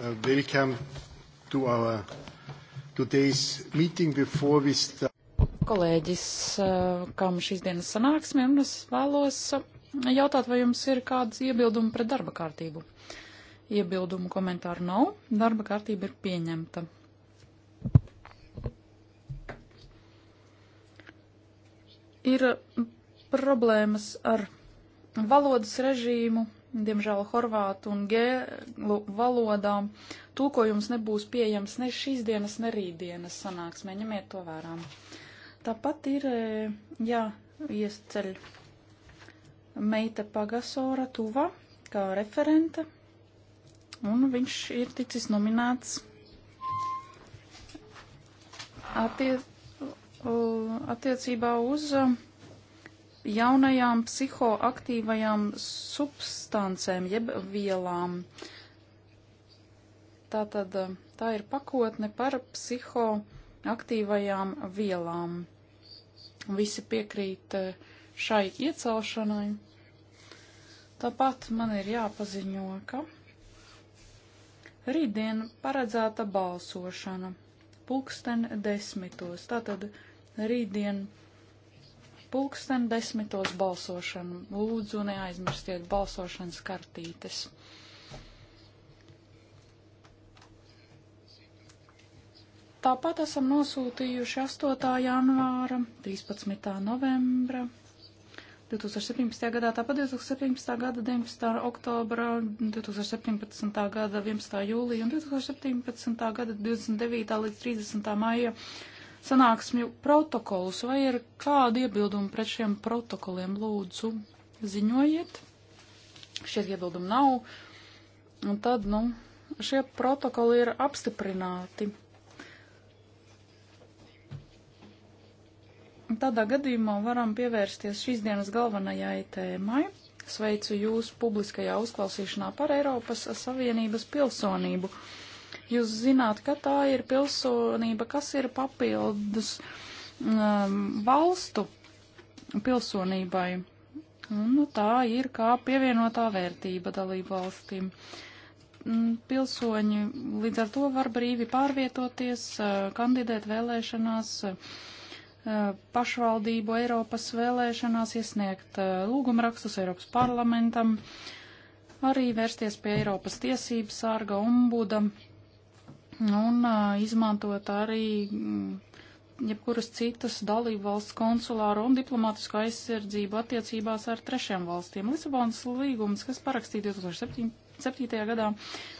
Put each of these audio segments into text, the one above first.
Uh, welcome to our today's meeting before we start. Kolēģis, uh, kam šīs dienas sanāksme, un es vēlos uh, jautāt, vai jums ir kādas iebildumi pret darba kārtību? Iebildumu komentāru nav, darba kārtība ir pieņemta. Ir problēmas ar valodas režīmu diemžēl horvātu un gēlu valodām tulkojums nebūs pieejams ne šīs dienas, ne rītdienas sanāksmē, ņemiet to vērā. Tāpat ir e, jāiesceļ meita Pagasora Tuva kā referente, un viņš ir ticis nominēts attie, attiecībā uz jaunajām psihoaktīvajām substancēm jeb vielām. Tātad eh, tā ir pakotne par psihoaktīvajām vielām. Visi piekrīt eh, šai iecelšanai. Tāpat man ir jāpaziņo, ka rītdien paredzēta balsošana pulksten desmitos. Tātad rītdien pulksten desmitos balsošanu. Lūdzu, neaizmirstiet balsošanas kartītes. Tāpat esam nosūtījuši 8. janvāra, 13. novembra, 2017. gadā, tāpat 2017. gada 19. oktobra, 2017. gada 11. jūlija un 2017. gada 29. līdz 30. maija sanāksmju protokolus. Vai ir kādi iebildumi pret šiem protokoliem? Lūdzu, ziņojiet. Šķiet, iebildumu nav. Un tad, nu, šie protokoli ir apstiprināti. Tādā gadījumā varam pievērsties šīs dienas galvenajai tēmai. Sveicu jūs publiskajā uzklausīšanā par Eiropas Savienības pilsonību. Uh, Jūs zināt, ka tā ir pilsonība, kas ir papildus um, valstu pilsonībai. Un nu, tā ir kā pievienotā vērtība dalību valstīm. Mm, pilsoņi līdz ar to var brīvi pārvietoties, uh, kandidēt vēlēšanās, uh, pašvaldību Eiropas vēlēšanās, iesniegt uh, lūgumrakstus Eiropas parlamentam, arī vērsties pie Eiropas tiesības sārga ombuda un izmantot arī mm, jebkuras citas dalību valsts konsulāro un diplomātisku aizsardzību attiecībās ar trešiem valstiem. Lisabonas līgums, kas parakstīts 2007. gadā,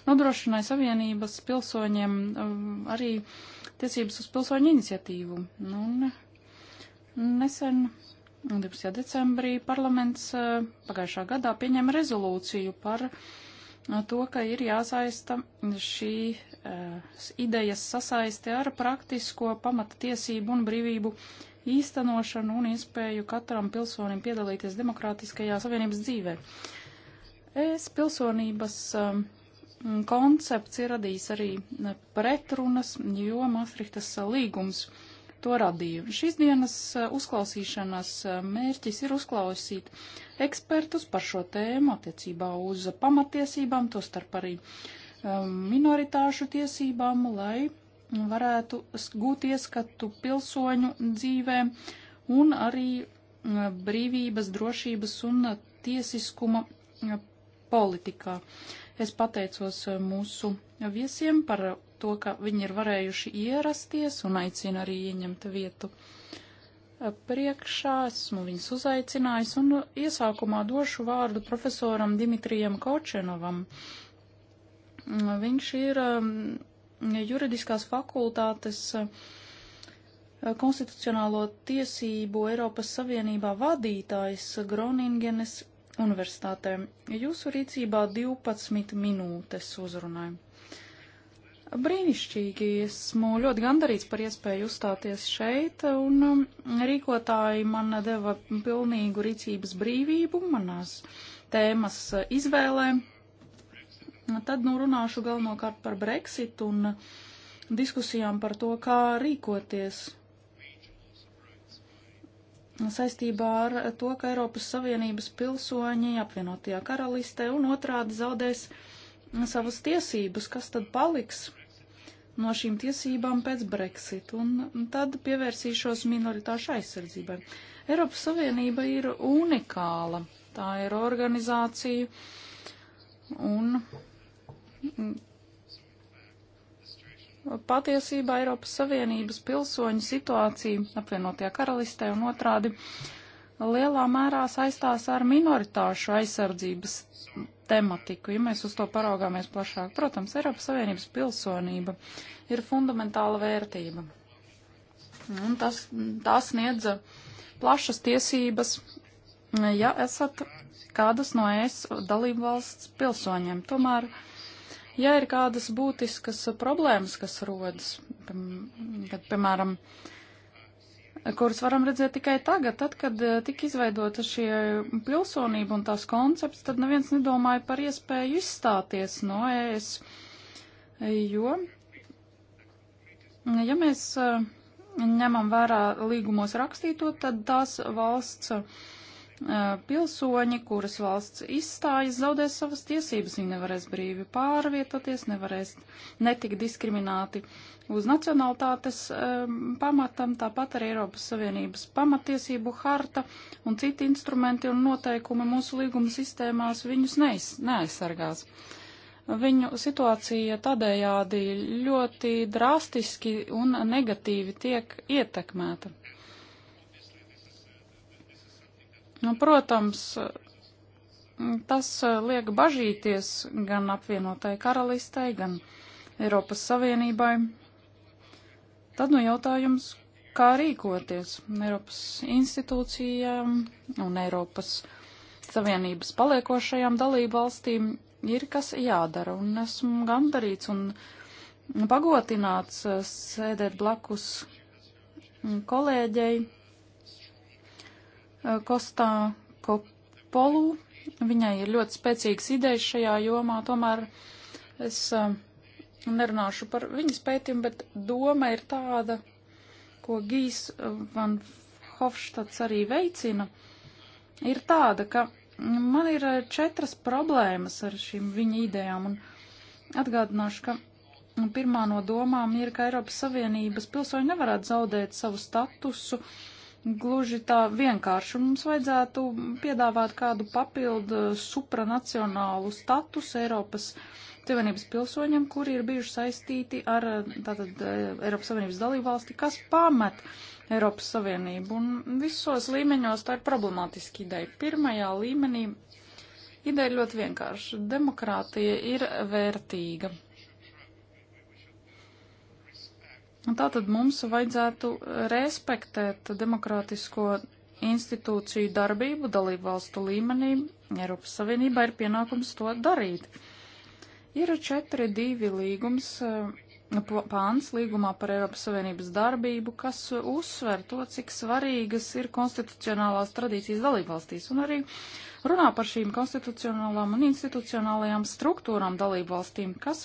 nodrošināja Savienības pilsoņiem um, arī tiesības uz pilsoņu iniciatīvu. Un nesen 12. decembrī parlaments pagājušā gadā pieņēma rezolūciju par uh, to, ka ir jāsaista šī eh, idejas sasaisti ar praktisko pamata tiesību un brīvību īstenošanu un iespēju katram pilsonim piedalīties demokrātiskajā savienības dzīvē. Es pilsonības um, koncepts ir radījis arī eh, pretrunas, jo Maastrichtas līgums uh, to radīju. Šīs dienas eh, uzklausīšanas eh, mērķis ir uzklausīt ekspertus par šo tēmu attiecībā uz pamatiesībām, to starp arī eh, minoritāšu tiesībām, lai varētu gūt ieskatu pilsoņu dzīvē un arī brīvības, drošības un tiesiskuma politikā. Es pateicos mūsu viesiem par to, ka viņi ir varējuši ierasties un aicina arī ieņemt vietu e, priekšā. Esmu viņus uzaicinājis un iesākumā došu vārdu profesoram Dimitrijam Kočenovam. Mm, viņš ir mm, juridiskās fakultātes e, konstitucionālo tiesību Eiropas Savienībā vadītājs Groningenes universitātē. Jūsu rīcībā 12 minūtes uzrunājumu. Brīnišķīgi. Esmu ļoti gandarīts par iespēju uzstāties šeit, un um, rīkotāji man deva pilnīgu rīcības brīvību manās tēmas uh, izvēlē. Tad nu runāšu galvenokārt par Brexit un uh, diskusijām par to, kā rīkoties saistībā ar to, ka Eiropas Savienības pilsoņi apvienotajā karalistē un otrādi zaudēs savas tiesības, kas tad paliks no šīm tiesībām pēc Brexit, un tad pievērsīšos minoritāšu aizsardzībai. Eiropas Savienība ir unikāla. Tā ir organizācija, un patiesībā Eiropas Savienības pilsoņu situācija apvienotajā karalistē un otrādi uh, lielā mērā saistās ar minoritāšu aizsardzības tematiku, ja mēs uz to paraugāmies plašāk. Protams, Eiropas Savienības pilsonība ir fundamentāla vērtība. Un tas, tas sniedz plašas tiesības, ja esat kādas no es dalību valsts pilsoņiem. Tomēr, ja ir kādas būtiskas problēmas, kas rodas, kad, piemēram, kuras varam redzēt tikai tagad, tad, kad eh, tika izveidota šī eh, pilsonība un tās koncepts, tad neviens nedomāja par iespēju izstāties no ES. Jo, ja mēs eh, ņemam vērā līgumos rakstīto, tad tās valsts pilsoņi, kuras valsts izstājas, zaudēs savas tiesības, viņi nevarēs brīvi pārvietoties, nevarēs netikt diskrimināti uz nacionalitātes um, ehm, pamatam, tāpat arī Eiropas Savienības pamatiesību harta un citi instrumenti un noteikumi mūsu līguma sistēmās viņus neiz, neaizsargās. Viņu situācija tādējādi ļoti drastiski un negatīvi tiek ietekmēta. Nu, protams, tas eh, liek bažīties gan apvienotai karalistei, gan Eiropas Savienībai Tad no nu jautājums, kā rīkoties Eiropas institūcijām un Eiropas Savienības paliekošajām dalību valstīm ir kas jādara, un esmu gandarīts un pagotināts eh, sēdēt blakus kolēģei eh, Kostā Kopolu. Viņai ir ļoti spēcīgas idejas šajā jomā, tomēr es uh, nerunāšu par viņas pētījumu, bet doma ir tāda, ko Gīs eh, van Hofštats arī veicina, ir tāda, ka man ir eh, četras problēmas ar šīm viņa idejām, un atgādināšu, ka pirmā no domām ir, ka Eiropas Savienības pilsoņi nevarētu zaudēt savu statusu, gluži tā vienkārši, un mums vajadzētu piedāvāt kādu papildu eh, supranacionālu statusu Eiropas Savienības Savienības pilsoņiem, kuri ir bijuši saistīti ar eh, tātad eh, Eiropas Savienības dalību valsti, kas pamet Eiropas Savienību. Un visos līmeņos tā ir problemātiska ideja. Pirmajā līmenī ideja ir ļoti vienkārša. Demokrātija ir vērtīga. Un tātad mums vajadzētu respektēt demokrātisko institūciju darbību dalību valstu līmenī. Eiropas Savienībā ir pienākums to darīt. Ir 4.2. līgums, eh, pāns līgumā par Eiropas Savienības darbību, kas uzsver to, cik svarīgas ir konstitucionālās tradīcijas dalībvalstīs un arī runā par šīm konstitucionālām un institucionālajām struktūrām dalībvalstīm, kas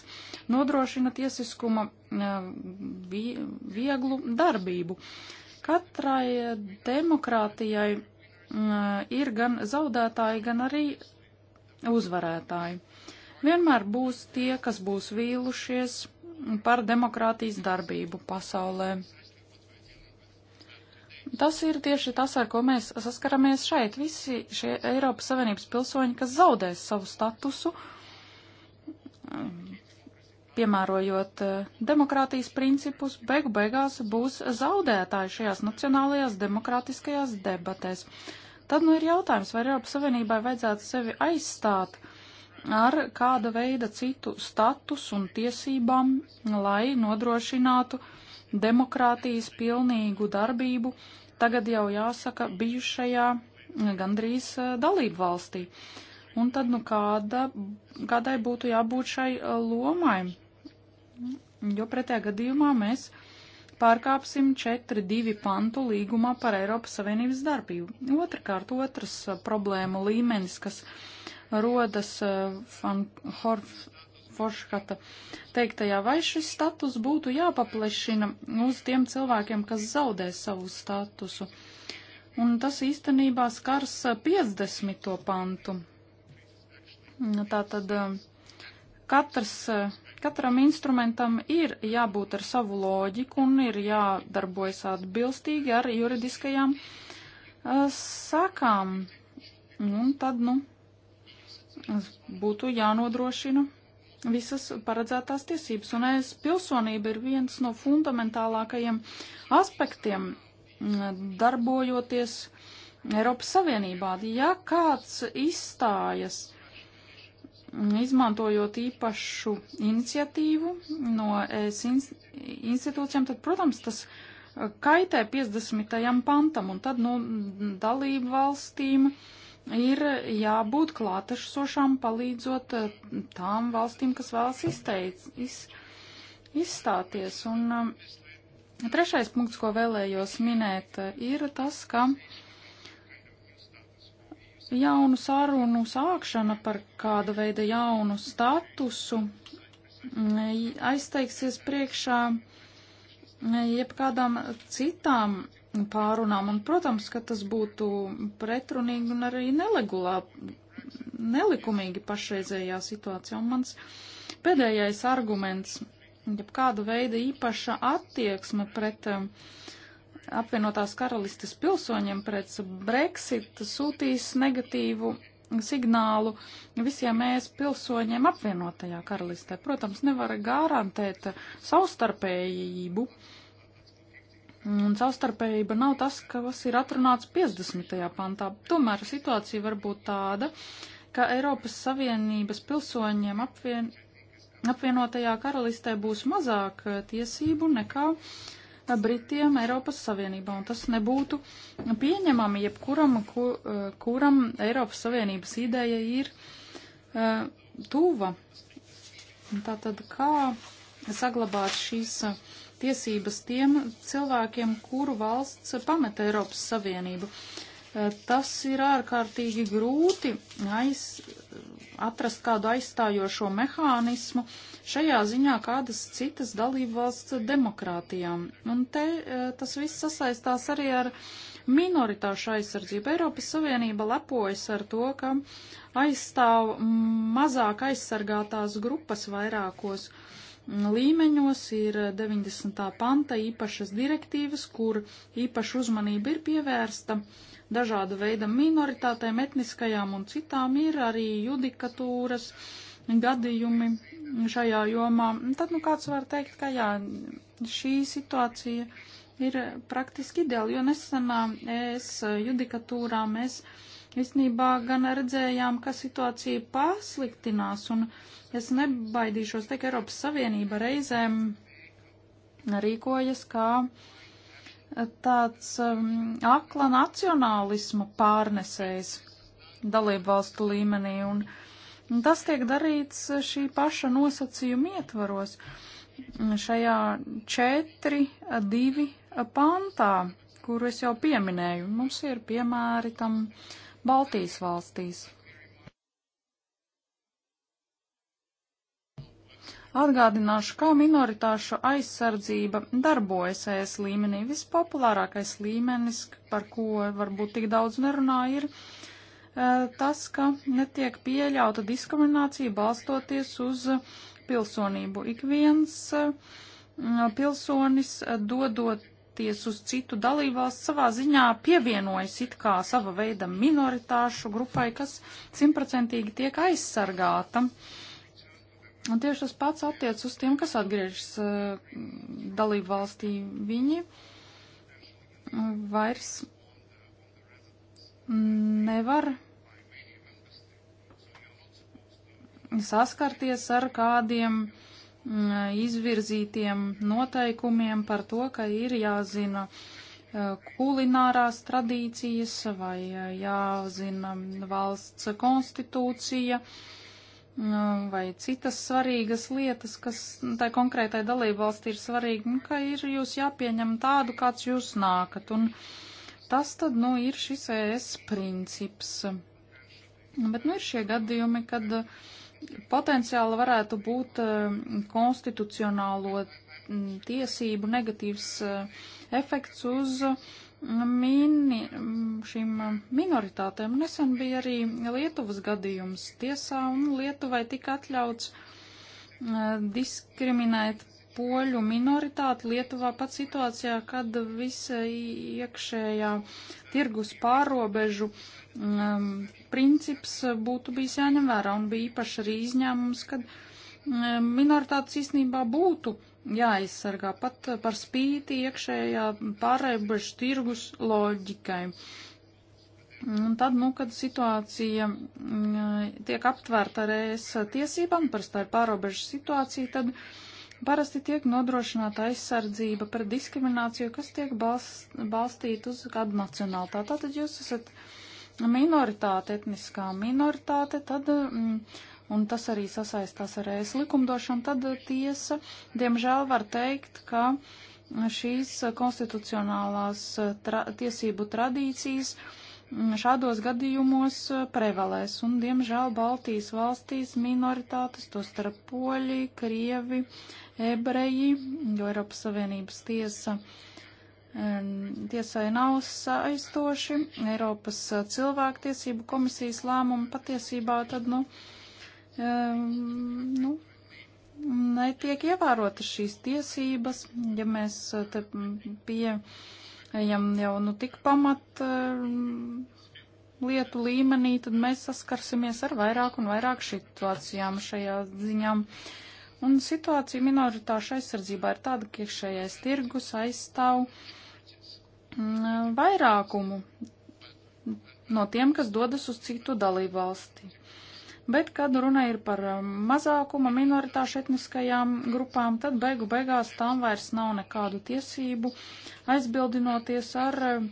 nodrošina tiesiskuma eh, vieglu darbību. Katrai demokrātijai mm, ir gan zaudētāji, gan arī uzvarētāji vienmēr būs tie, kas būs vīlušies par demokrātijas darbību pasaulē. Tas ir tieši tas, ar ko mēs saskaramies šeit. Visi šie Eiropas Savienības pilsoņi, kas zaudēs savu statusu, piemērojot eh, demokrātijas principus, beigu beigās būs zaudētāji šajās nacionālajās demokrātiskajās debatēs. Tad nu ir jautājums, vai Eiropas Savienībai vajadzētu sevi aizstāt uh, ar kāda veida citu status un tiesībām, lai nodrošinātu demokrātijas pilnīgu darbību, tagad jau jāsaka bijušajā gandrīz eh, dalību valstī. Un tad, nu, kāda, kādai būtu jābūt šai eh, lomai? Jo pretējā gadījumā mēs pārkāpsim 4.2 pantu līgumā par Eiropas Savienības darbību. Otrakārt, otrs eh, problēma līmenis, kas rodas eh, Van Horf Forškata teiktajā, vai šis status būtu jāpaplešina uz tiem cilvēkiem, kas zaudē savu statusu. Un tas īstenībā skars 50. Eh, pantu. Tātad eh, katrs, katram instrumentam ir jābūt ar savu loģiku un ir jādarbojas atbilstīgi ar juridiskajām sakām. Nu, un tad, nu, būtu jānodrošina visas paredzētās tiesības. Un es pilsonība ir viens no fundamentālākajiem aspektiem mm, darbojoties Eiropas Savienībā. Ja kāds izstājas, mm, izmantojot īpašu iniciatīvu no ES institūcijām, tad, protams, tas eh, kaitē 50. pantam, un tad, nu, dalību valstīm uh, ir jābūt klātešošām palīdzot eh, tām valstīm, kas vēlas izteic, iz, izstāties. Un eh, trešais punkts, ko vēlējos minēt, eh, ir tas, ka jaunu sarunu sākšana par kādu veidu jaunu statusu mm, aizteiksies priekšā mm, jebkādām citām pārunām. Un, protams, ka tas būtu pretrunīgi un arī nelegulā, nelikumīgi pašreizējā situācijā. Un mans pēdējais arguments, ja kāda veida īpaša attieksme pret um, apvienotās karalistes pilsoņiem pret Brexit sūtīs negatīvu signālu visiem mēs pilsoņiem apvienotajā karalistē. Protams, nevar garantēt savstarpējību. Uh, Un savstarpējība nav tas, kas ir atrunāts 50. pantā. Tomēr situācija var būt tāda, ka Eiropas Savienības pilsoņiem apvien, apvienotajā karalistē būs mazāk eh, tiesību nekā eh, Britiem Eiropas Savienībā. Un tas nebūtu pieņemami jebkuram, ku, eh, kuram Eiropas Savienības ideja ir uh, tuva. Tātad kā saglabāt šīs. Uh, tiesības tiem cilvēkiem, kuru valsts pameta Eiropas Savienību. Eh, tas ir ārkārtīgi grūti aiz, eh, atrast kādu aizstājošo mehānismu šajā ziņā kādas citas dalībvalsts demokrātijām. Un te eh, tas viss sasaistās arī ar minoritāšu aizsardzību. Eiropas Savienība lepojas ar to, ka aizstāv mazāk aizsargātās grupas vairākos līmeņos ir 90. panta īpašas direktīvas, kur īpaša uzmanība ir pievērsta dažāda veida minoritātēm, etniskajām un citām ir arī judikatūras gadījumi šajā jomā. Tad, nu, kāds var teikt, ka jā, šī situācija ir praktiski ideāla, jo nesenā es judikatūrā mēs īstenībā gan redzējām, ka situācija pasliktinās un Es nebaidīšos teikt, Eiropas Savienība reizēm rīkojas kā tāds um, akla nacionālisma pārnesējs dalību valstu līmenī, un, un tas tiek darīts šī paša nosacījuma ietvaros šajā 4, 2 pantā, kuru es jau pieminēju. Mums ir piemēri tam Baltijas valstīs. Atgādināšu, kā minoritāšu aizsardzība darbojas ES līmenī. Vispopulārākais līmenis, par ko varbūt tik daudz nerunā, ir tas, ka netiek pieļauta diskriminācija balstoties uz pilsonību. Ik viens pilsonis dodoties uz citu dalībvalstu savā ziņā pievienojas it kā sava veida minoritāšu grupai, kas simtprocentīgi tiek aizsargāta. Uh, Un tieši tas pats attiec uz tiem, kas atgriežas eh, dalību valstī. Viņi vairs nevar saskarties ar kādiem eh, izvirzītiem noteikumiem par to, ka ir jāzina eh, kulinārās tradīcijas vai jāzina valsts konstitūcija. Uh, Nu, vai citas svarīgas lietas, kas tai konkrētai dalībvalstī ir svarīgi, nu, ka ir jūs jāpieņem tādu, kāds jūs nākat. Un tas tad, nu, ir šis ES princips. Bet, nu, ir šie gadījumi, kad uh, potenciāli varētu būt uh, konstitucionālo mm, tiesību negatīvs uh, efekts uz uh, mini, šīm uh, minoritātēm. Nesen bija arī Lietuvas gadījums tiesā, un Lietuvai tika atļauts uh, diskriminēt poļu minoritāti Lietuvā pat situācijā, kad visa iekšējā tirgus pārobežu um, princips būtu bijis jāņem vērā, un bija īpaši arī izņēmums, kad um, minoritātes īstenībā būtu uh, jāaizsargā pat par spīti iekšējā pārēbežu tirgus loģikai. Un tad, nu, kad situācija mm, tiek aptvērta ar ES tiesībām, parasti ir pārobežu situācija, tad parasti tiek nodrošināta aizsardzība par diskrimināciju, kas tiek balst, balstīta uz kādu nacionālitāti. Tātad jūs esat minoritāte, etniskā minoritāte, tad. Mm, un tas arī sasaistās ar ES likumdošanu, tad tiesa, diemžēl, var teikt, ka šīs konstitucionālās eh, tra tiesību tradīcijas mm, šādos gadījumos eh, prevalēs, un, diemžēl, Baltijas valstīs minoritātes, to starp poļi, krievi, ebreji, jo Eiropas Savienības tiesa tiesai nav saistoši Eiropas eh, cilvēktiesību komisijas lēmumu patiesībā tad, nu, nu, netiek ievērotas šīs tiesības, ja mēs eh, te pieejam jau nu tik pamat eh, lietu līmenī, tad mēs saskarsimies ar vairāk un vairāk situācijām šajā ziņām. Un situācija minoritāšu aizsardzībā ir tāda, ka iekšējais tirgus aizstāv mm, vairākumu no tiem, kas dodas uz citu dalību valsti. Bet, kad runa ir par um, mazākuma minoritāšu etniskajām grupām, tad beigu beigās tām vairs nav nekādu tiesību aizbildinoties ar um,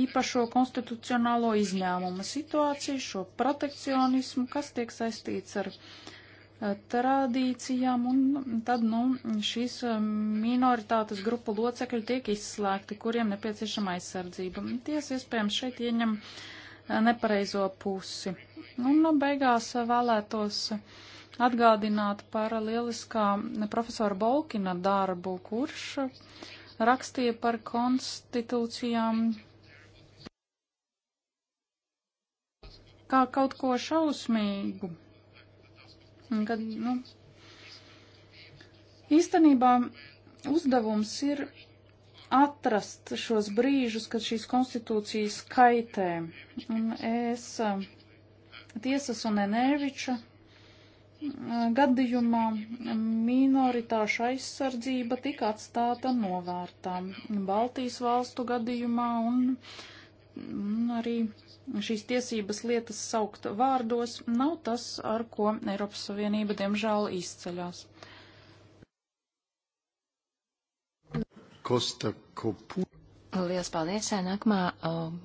īpašo konstitucionālo izņēmumu situāciju, šo protekcionismu, kas tiek saistīts ar uh, tradīcijām, un tad, nu, šīs um, minoritātes grupu locekļi tiek izslēgti, kuriem nepieciešama aizsardzība. Tiesa, iespējams, šeit ieņem uh, nepareizo pusi. Un nu, beigās vēlētos atgādināt par lieliskā profesora Bolkina darbu, kurš rakstīja par konstitūcijām kā kaut ko šausmīgu. Kad, nu, īstenībā uzdevums ir atrast šos brīžus, kad šīs konstitūcijas kaitē. Un es eh, tiesas un Enēviča eh, gadījumā minoritāšu aizsardzība tika atstāta novārtā Baltijas valstu gadījumā un, un arī šīs tiesības lietas saukt vārdos nav tas, ar ko Eiropas Savienība diemžēl izceļās. Kosta Kopu. Lielas paldies! Nākamā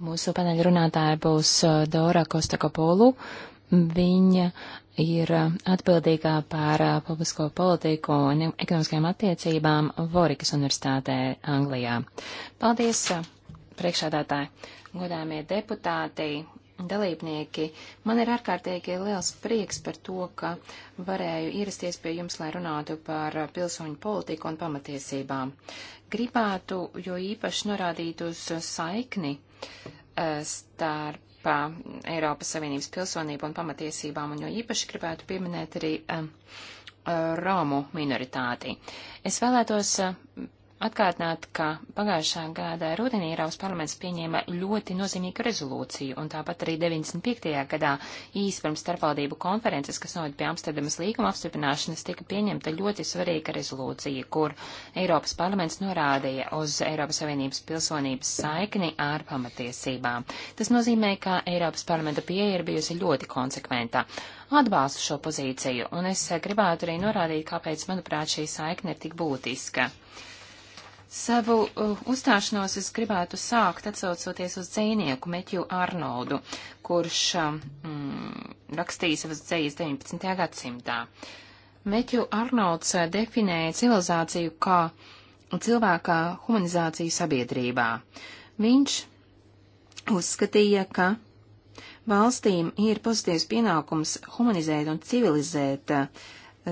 mūsu paneļa runātāja būs Dora Kostakopolu. Viņa ir atbildīgā par publisko politiku un ekonomiskajām attiecībām Vorikas Universitātē Anglijā. Paldies, priekšādātāji, godāmie deputāti, dalībnieki. Man ir ārkārtīgi liels prieks par to, ka varēju ierasties pie jums, lai runātu par pilsoņu politiku un pamatiesībām. Gribētu jo īpaši norādīt uz saikni eh, starp eh, Eiropas Savienības pilsonību un pamatiesībām, un jo īpaši gribētu pieminēt arī eh, Romu minoritāti. Es vēlētos atkārtināt, ka pagājušā gada rudenī Eiropas parlaments pieņēma ļoti nozīmīgu rezolūciju, un tāpat arī 95. gadā īsi pirms starpvaldību konferences, kas noved pie Amsterdamas līguma apstiprināšanas, tika pieņemta ļoti svarīga rezolūcija, kur Eiropas parlaments norādīja uz Eiropas Savienības pilsonības saikni ar pamatiesībām. Tas nozīmē, ka Eiropas parlamenta pieeja ir bijusi ļoti konsekventa atbalstu šo pozīciju, un es gribētu arī norādīt, kāpēc, manuprāt, šī saikne ir tik būtiska. Savu uh, uzstāšanos es gribētu sākt atsaucoties uz dzīnieku Meķu Arnoldu, kurš um, mm, rakstīja savas dzējas 19. gadsimtā. Meķu Arnolds uh, definēja civilizāciju kā cilvēkā humanizāciju sabiedrībā. Viņš uzskatīja, ka valstīm ir pozitīvs pienākums humanizēt un civilizēt uh,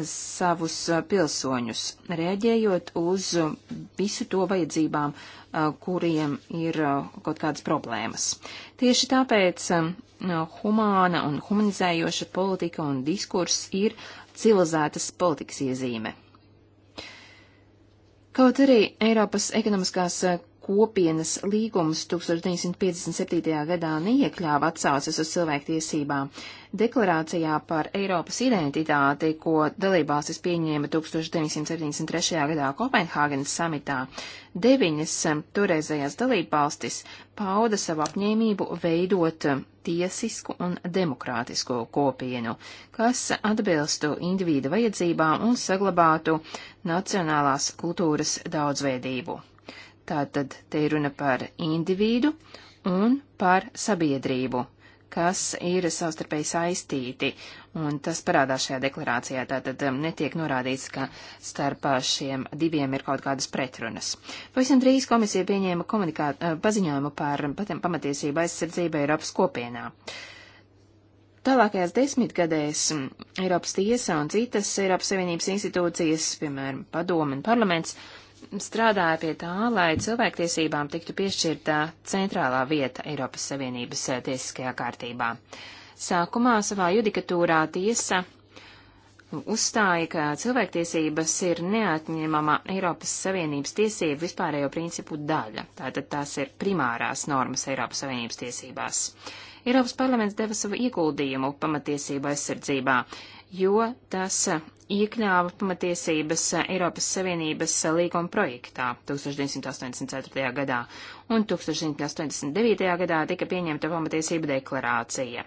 savus eh, pilsoņus, rēģējot uz eh, visu to vajadzībām, eh, kuriem ir kaut kādas problēmas. Tieši tāpēc humāna un humanizējoša politika un diskurs ir civilizētas politikas iezīme. Kaut arī Eiropas ekonomiskās kopienas līgums 1957. gadā neiekļāva atsauces uz cilvēktiesībām. Deklarācijā par Eiropas identitāti, ko dalībvalstis pieņēma 1973. gadā Kopenhāgenes samitā, deviņas toreizējās dalībvalstis pauda savu apņēmību veidot tiesisku un demokrātisku kopienu, kas atbilstu individu vajadzībām un saglabātu nacionālās kultūras daudzveidību. Tātad te ir runa par individu un par sabiedrību, kas ir savstarpēji saistīti, un tas parādās šajā deklarācijā. Tātad um, netiek norādīts, ka starp uh, šiem diviem ir kaut kādas pretrunas. Pavisam drīz komisija pieņēma komunikā... Uh, paziņojumu par pamatiesību aizsardzību Eiropas kopienā. Tālākajās desmitgadēs um, Eiropas tiesa un citas Eiropas Savienības institūcijas, piemēram, padoma un parlaments, strādāja pie tā, lai cilvēktiesībām tiktu piešķirta centrālā vieta Eiropas Savienības eh, tiesiskajā kārtībā. Sākumā savā judikatūrā tiesa uzstāja, ka cilvēktiesības ir neatņemama Eiropas Savienības tiesību vispārējo principu daļa. Tātad tās ir primārās normas Eiropas Savienības tiesībās. Eiropas parlaments deva savu ieguldījumu pamatiesību aizsardzībā, jo tas iekļāva pamatiesības Eiropas Savienības līguma projektā 1984. gadā un 1989. gadā tika pieņemta pamatiesība deklarācija.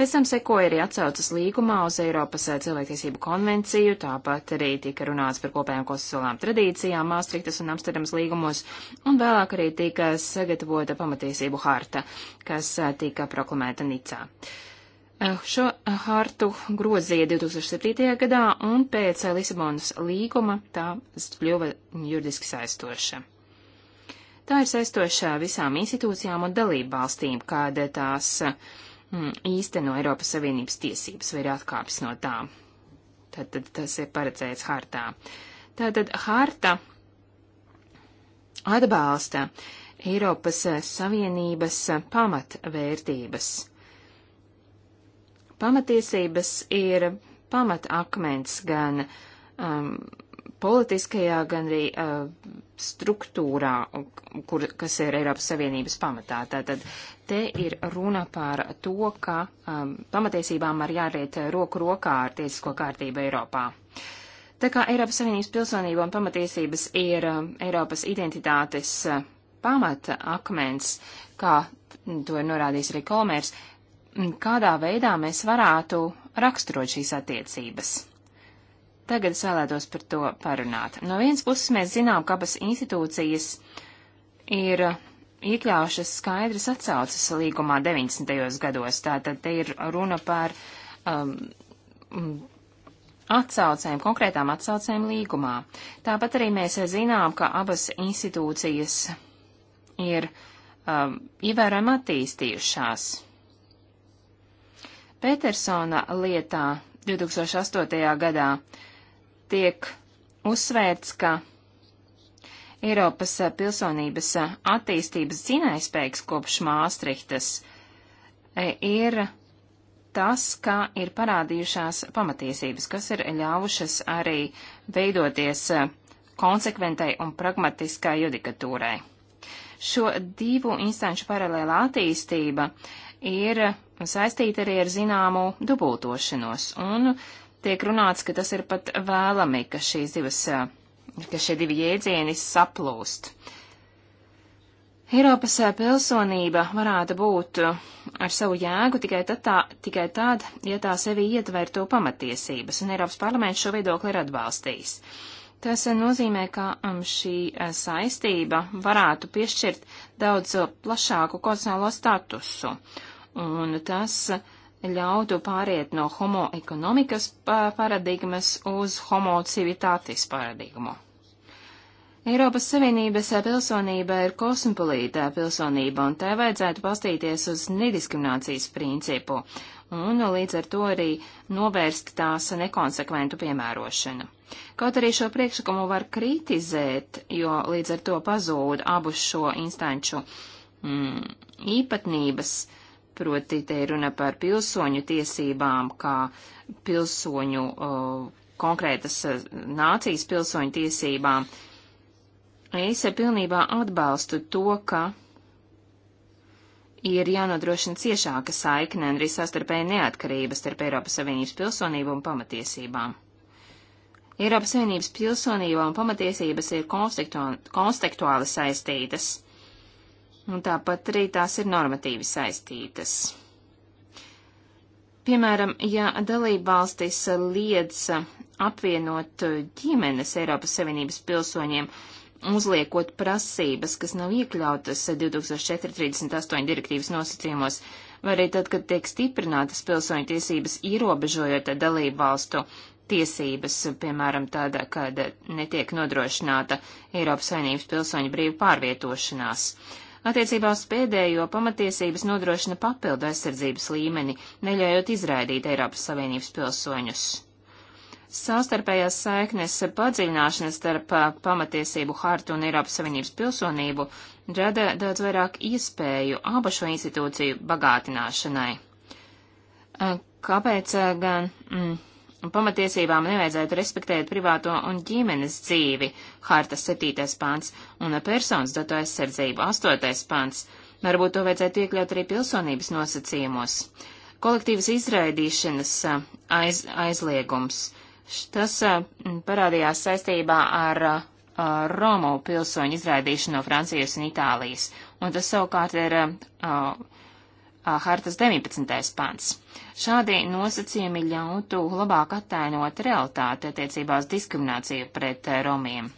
Pēc tam sekoja arī atsaucas līgumā uz Eiropas cilvēktiesību konvenciju, tāpat arī tika runāts par kopējām konstitucionālām tradīcijām Māstriktas un Amsterdams līgumos, un vēlāk arī tika sagatavota pamatiesību harta, kas tika proklamēta Nicā. Uh, Eh, šo eh, hartu grozīja 2007. gadā, un pēc eh, Lisabonas līguma tā kļuva juridiski saistoša. Tā ir saistoša visām institūcijām un dalību valstīm, kad tās mm, īsteno Eiropas Savienības tiesības vai ir atkāpis no tām. Tad, tad tas ir paredzēts hartā. Tātad harta atbalsta Eiropas Savienības pamatvērtības Pamatiesības ir pamatakmens gan um, politiskajā, gan arī uh, struktūrā, kur, kas ir Eiropas Savienības pamatā. Tātad te ir runa par to, ka um, pamatiesībām var jāriet roku rokā ar tiesisko kārtību Eiropā. Tā kā Eiropas Savienības pilsonība un pamatiesības ir um, Eiropas identitātes uh, pamata akmens, kā to ir norādījis arī Kolmērs, kādā veidā mēs varētu raksturot šīs attiecības. Tagad es vēlētos par to parunāt. No vienas puses mēs zinām, ka abas institūcijas ir iekļaušas skaidras atsaucas līgumā 90. gados, tātad te ir runa par um, mm, atsaucēm, konkrētām atsaucēm līgumā. Tāpat arī mēs zinām, ka abas institūcijas ir um, ievērojami attīstījušās. Petersona lietā 2008. gadā tiek uzsvērts, ka Eiropas pilsonības attīstības zinājspēks kopš Māstrihtas e, ir tas, ka ir parādījušās pamatiesības, kas ir ļāvušas arī veidoties konsekventai un pragmatiskai judikatūrai. Šo divu instanču paralēlā attīstība ir saistīta arī ar zināmu dubultošanos, un tiek runāts, ka tas ir pat vēlami, ka šīs divas, ka šie divi jēdzieni saplūst. Eiropas pilsonība varētu būt ar savu jēgu tikai tad, tā, tikai tad, ja tā sevi ietvertu pamatiesības, un Eiropas parlaments šo viedokli ir atbalstījis. Tas nozīmē, ka šī saistība varētu piešķirt daudz plašāku konstitucionālo statusu, un tas ļautu pāriet no homo ekonomikas paradigmas uz homo civitātis paradigmu. Eiropas Savienības pilsonība ir kosmopolīta pilsonība, un tai vajadzētu pastīties uz nediskriminācijas principu, un līdz ar to arī novērst tās nekonsekventu piemērošanu. Kaut arī šo priekšlikumu var kritizēt, jo līdz ar to pazūd abu šo instanču mm, īpatnības, uh, proti te ir runa par pilsoņu tiesībām, kā pilsoņu, uh, konkrētas uh, nācijas pilsoņu tiesībām. Es pilnībā atbalstu to, ka ir jānodrošina ciešāka saikne un arī sastarpēja neatkarība starp Eiropas Savienības pilsonību un pamatiesībām. Eiropas Savienības pilsonība un pamatiesības ir konsektuāli saistītas un tāpat arī tās ir normatīvi saistītas. Piemēram, ja dalībvalstis liedz apvienot ģimenes Eiropas Savienības pilsoņiem, uzliekot prasības, kas nav iekļautas 2438 direktīvas nosacījumos, vai arī tad, kad tiek stiprinātas pilsoņu tiesības, ierobežojot dalībvalstu tiesības, piemēram, tādā, kad netiek nodrošināta Eiropas Savienības pilsoņu brīva pārvietošanās. Uh, Attiecībā uz pēdējo pamatiesības nodrošina papildu aizsardzības līmeni, neļaujot izraidīt Eiropas Savienības pilsoņus. Savstarpējās saiknes padziļināšanas starp uh, pamatiesību hartu un Eiropas Savienības pilsonību rada daudz vairāk iespēju abu šo institūciju bagātināšanai. Uh, kāpēc uh, gan? Mm, pamatiesībām nevajadzētu respektēt privāto un ģimenes dzīvi, hartas 7. pants, un personas datu aizsardzību 8. pants. Varbūt to vajadzētu iekļaut arī pilsonības nosacījumos. Kolektīvas izraidīšanas aiz, aizliegums. Tas parādījās saistībā ar, ar Romu pilsoņu izraidīšanu no Francijas un Itālijas, un tas savukārt ir hartas 19. pants. Šādi nosacījumi ļautu labāk attainot realitāti attiecībā uz diskrimināciju pret romiem.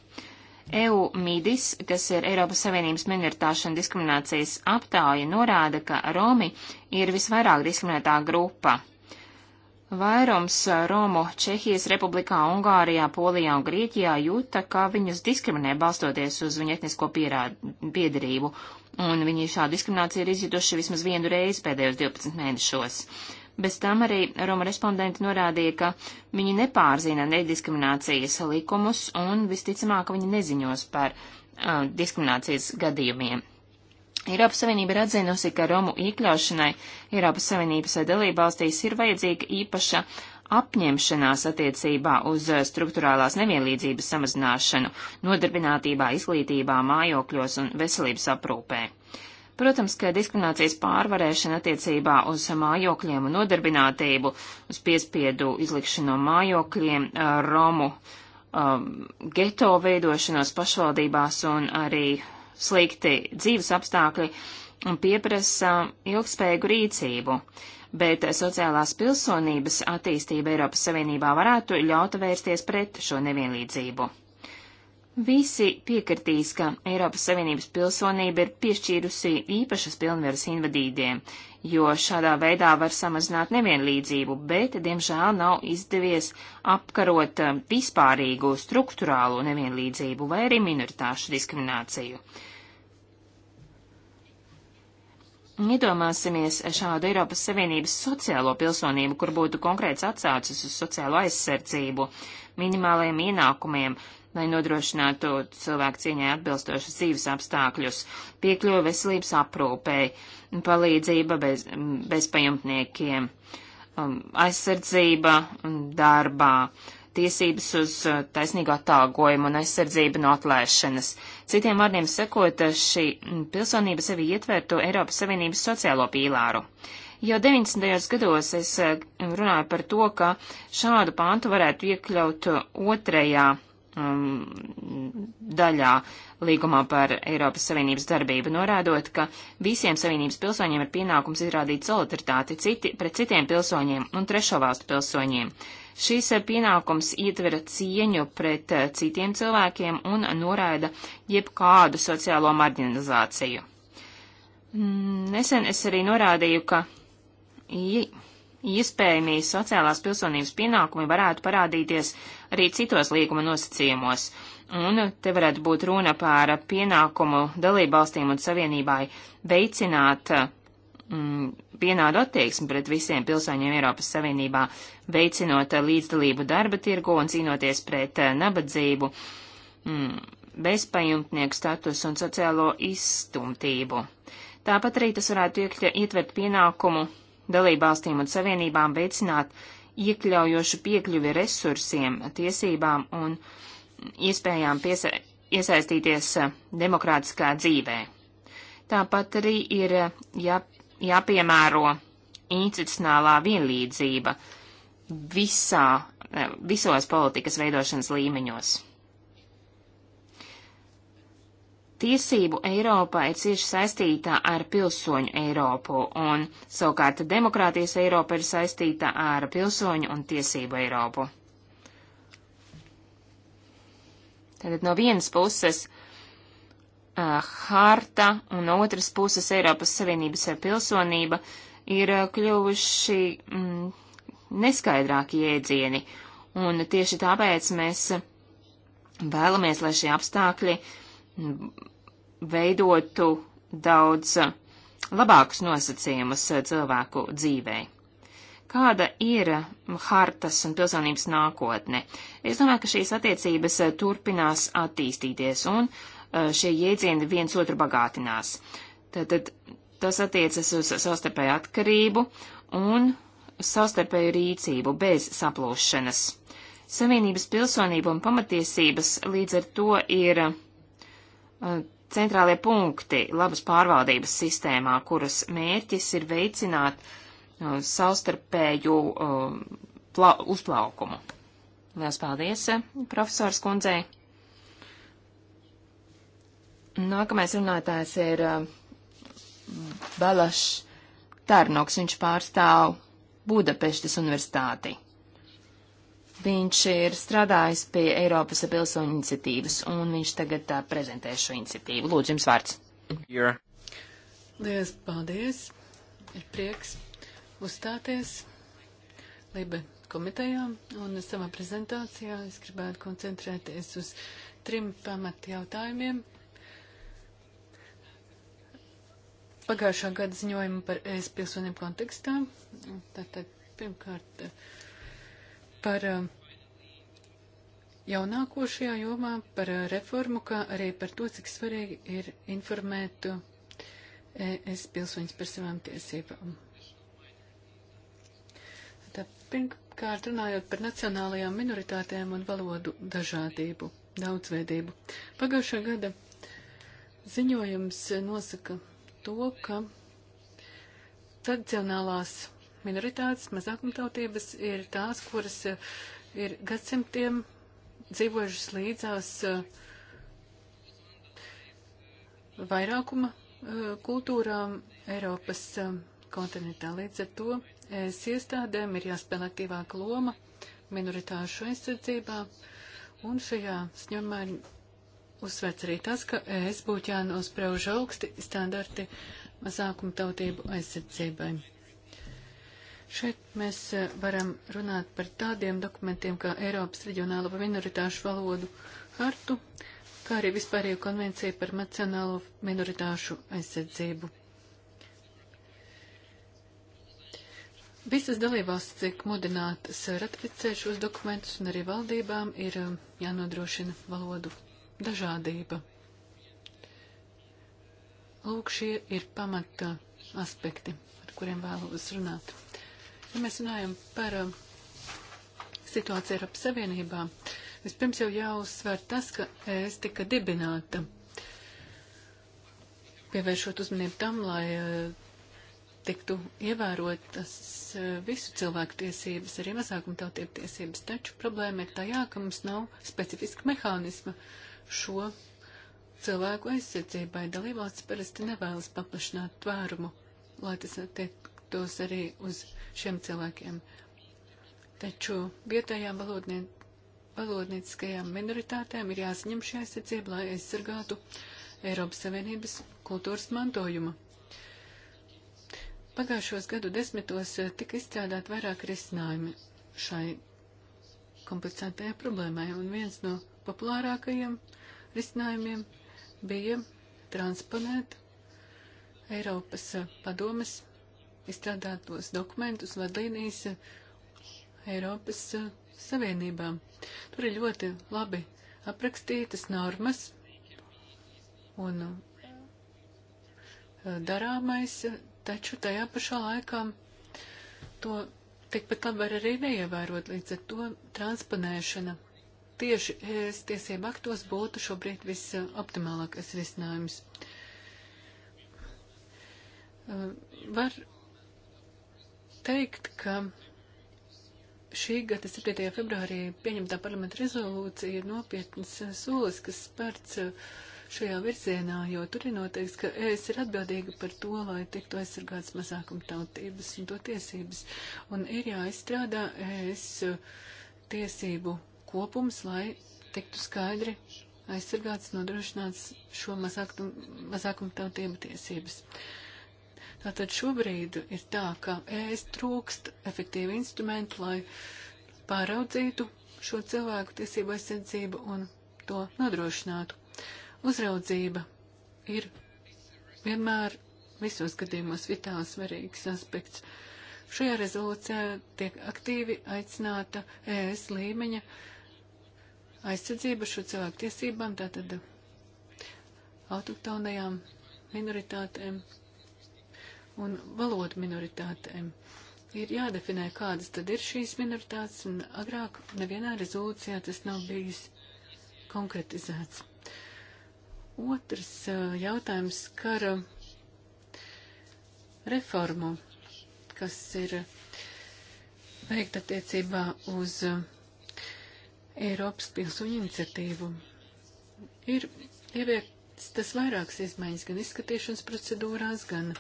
EU MIDIS, kas ir Eiropas Savienības minoritāšu un diskriminācijas aptāja, norāda, ka Romi ir visvairāk diskriminētā grupa. Vairums Romu Čehijas republikā, Ungārijā, Polijā un Grieķijā jūta, ka viņus diskriminē balstoties uz viņu etnisko pierā... piedarību, un viņi šādu diskrimināciju ir izjutuši vismaz vienu reizi pēdējos 12 mēnešos. Bez tam arī Roma respondenti norādīja, ka viņi nepārzina nediskriminācijas likumus un visticamāk viņi neziņos par uh, diskriminācijas gadījumiem. Eiropas Savienība ir atzinusi, ka Romu iekļaušanai Eiropas Savienības dalībvalstīs ir vajadzīga īpaša apņemšanās attiecībā uz eh, struktūrālās nevienlīdzības samazināšanu nodarbinātībā, izglītībā, mājokļos un veselības aprūpē. Protams, ka diskriminācijas pārvarēšana attiecībā uz mājokļiem un nodarbinātību, uz piespiedu izlikšanu no mājokļiem, eh, romu um, geto veidošanos pašvaldībās un arī slikti dzīves apstākļi pieprasa ilgspējīgu rīcību. Uh, bet sociālās pilsonības attīstība Eiropas Savienībā varētu ļauta vērsties pret šo nevienlīdzību. Visi piekritīs, ka Eiropas Savienības pilsonība ir piešķīrusi īpašas pilnvaras invadīdiem, jo šādā veidā var samazināt nevienlīdzību, bet, diemžēl, nav izdevies apkarot um, vispārīgu struktūrālu nevienlīdzību vai arī minoritāšu diskrimināciju. Iedomāsimies šādu Eiropas Savienības sociālo pilsonību, kur būtu konkrēts atsācis uz sociālo aizsardzību, minimālajiem ienākumiem, lai nodrošinātu cilvēku cieņai atbilstošas dzīves apstākļus, piekļuvi veselības aprūpei, palīdzība bez, bezpajumtniekiem, um, aizsardzība um, darbā, tiesības uz uh, taisnīgu atalgojumu un aizsardzību no atlēšanas. Citiem vārdiem sakot, uh, šī mm, pilsonība sevi ietvērtu Eiropas Savienības sociālo pīlāru. Jau 90. gados es uh, runāju par to, ka šādu pāntu varētu iekļaut otrajā um, daļā līgumā par Eiropas Savienības darbību, norādot, ka visiem Savienības pilsoņiem ir pienākums izrādīt solidaritāti citi, pret citiem pilsoņiem un trešo valstu pilsoņiem. Uh, Šis pienākums ietvera cieņu pret eh, citiem cilvēkiem un noraida jebkādu sociālo marginalizāciju. Mm, nesen es arī norādīju, ka iespējamie sociālās pilsonības pienākumi varētu parādīties arī citos līguma nosacījumos, un te varētu būt runa par pienākumu dalībvalstīm un savienībai veicināt mm, vienādu attieksmi pret visiem pilsoņiem Eiropas Savienībā, veicinot līdzdalību darba tirgu un cīnoties pret eh, nabadzību, mm, bezpajumtnieku status un sociālo izstumtību. Tāpat arī tas varētu iekļa, ietvert pienākumu dalībvalstīm un savienībām veicināt iekļaujošu piekļuvi resursiem, tiesībām un iespējām piesa iesaistīties eh, demokrātiskā dzīvē. Tāpat arī ir jā, jāpiemēro institucionālā vienlīdzība visā, eh, visos politikas veidošanas līmeņos. Tiesību Eiropa ir cieši saistīta ar pilsoņu Eiropu, un savukārt demokrātijas Eiropa ir saistīta ar pilsoņu un tiesību Eiropu. Tātad no vienas puses harta un no otras puses Eiropas Savienības pilsonība ir kļuvuši mm, neskaidrāki jēdzieni, un tieši tāpēc mēs vēlamies, lai šie apstākļi mm, veidotu daudz labākus nosacījumus cilvēku dzīvē. Kāda ir hartas un pilsonības nākotne? Es domāju, ka šīs attiecības turpinās attīstīties, un Eh, šie jēdzieni viens otru bagātinās. Tātad tas attiecas uz savstarpēju atkarību un savstarpēju rīcību bez saplūšanas. Savienības pilsonība un pamatiesības līdz ar to ir eh, centrālie punkti labas pārvaldības sistēmā, kuras mērķis ir veicināt uh, savstarpēju uh, uzplaukumu. Lielas paldies, profesors kundzei! Nākamais runātājs ir uh, Balašs Tarnoks. Viņš pārstāv Budapeštas universitāti. Viņš ir strādājis pie Eiropas pilsoņu iniciatīvas, un viņš tagad tā, uh, prezentē šo iniciatīvu. Lūdzu, jums vārds. Yeah. Lielas paldies! Ir prieks uzstāties Libe komitejā, un savā prezentācijā es gribētu koncentrēties uz trim pamat jautājumiem, pagājušā gada ziņojumu par ES pilsoniem kontekstā. Tātad pirmkārt par eh, jaunāko šajā jomā, par eh, reformu, kā arī par to, cik svarīgi ir informēt ES eh, pilsoņus par savām tiesībām. Tātad pirmkārt runājot par nacionālajām minoritātēm un valodu dažādību, daudzveidību. Pagājušā gada ziņojums nosaka to, ka tradicionālās minoritātes, mazākumtautības ir tās, kuras eh, ir gadsimtiem dzīvojušas līdzās eh, vairākuma eh, kultūrām Eiropas kontinentā. Līdz ar to es iestādēm ir jāspēlē aktīvāka loma minoritāšu aizsardzībā, un šajā sņemē uzsvērts arī tas, ka es būtu jānosprauž augsti standarti mazākumu tautību aizsardzībai. Šeit mēs e, varam runāt par tādiem dokumentiem kā Eiropas reģionālo minoritāšu valodu hartu, kā arī vispārējo konvenciju par nacionālo minoritāšu aizsardzību. Visas dalībvalsts tiek mudinātas ratificēt šos dokumentus, un arī valdībām ir e, jānodrošina valodu dažādība. Lūk, šie ir pamata aspekti, ar kuriem vēlos runāt. Ja mēs runājam par um, situāciju ar apsavienībā, vispirms jau jāuzsver tas, ka es tika dibināta, pievēršot uzmanību tam, lai uh, tiktu ievērotas uh, visu cilvēku tiesības, arī mazākumtautību tiesības, taču problēma ir tajā, ka mums nav specifiska mehānisma, uh, šo cilvēku aizsardzībai. Dalībvalsts parasti nevēlas paplašināt tvērumu, lai tas attiektos arī uz šiem cilvēkiem. Taču vietējām valodnie, valodnieciskajām minoritātēm ir jāsaņem šī aizsardzība, lai aizsargātu Eiropas Savienības kultūras mantojumu. Pagājušos gadu desmitos eh, tika izstrādāt vairāk risinājumi šai komplicētajai problēmai, un viens no populārākajiem risinājumiem bija transponēt Eiropas eh, padomes izstrādātos dokumentus, vadlīnijas eh, Eiropas eh, Savienībām. Tur ir ļoti labi aprakstītas normas un darāmais, taču tajā pašā laikā to tikpat labi var arī neievērot, līdz ar to transponēšana tieši ES tiesiem aktos būtu šobrīd visoptimālākais risinājums. Var teikt, ka šī gada 7. februārī pieņemtā parlamenta rezolūcija ir nopietnas solis, kas spērts šajā virzienā, jo tur ir noteikts, ka es ir atbildīga par to, lai tiktu aizsargāts mazākuma tautības un to tiesības. Un ir jāizstrādā es tiesību kopums, lai tiktu skaidri aizsargāts, nodrošināts šo mazākumu, mazākumu tautību tiesības. Tātad šobrīd ir tā, ka ēst trūkst efektīvi instrumentu, lai pāraudzītu šo cilvēku tiesību aizsardzību un to nodrošinātu. Uzraudzība ir vienmēr visos gadījumos vitāli svarīgs aspekts. Šajā rezolūcijā tiek aktīvi aicināta ES līmeņa uh, aizsardzība šo cilvēku tiesībām, tātad autoktonajām minoritātēm un valodu minoritātēm. Ir jādefinē, kādas tad ir šīs minoritātes, un agrāk nevienā rezolūcijā tas nav bijis konkretizēts. Otrs jautājums skar reformu, kas ir veikta attiecībā uz uh, Eiropas pilsoņu iniciatīvu. Ir ieviestas vairākas izmaiņas gan izskatīšanas procedūrās, gan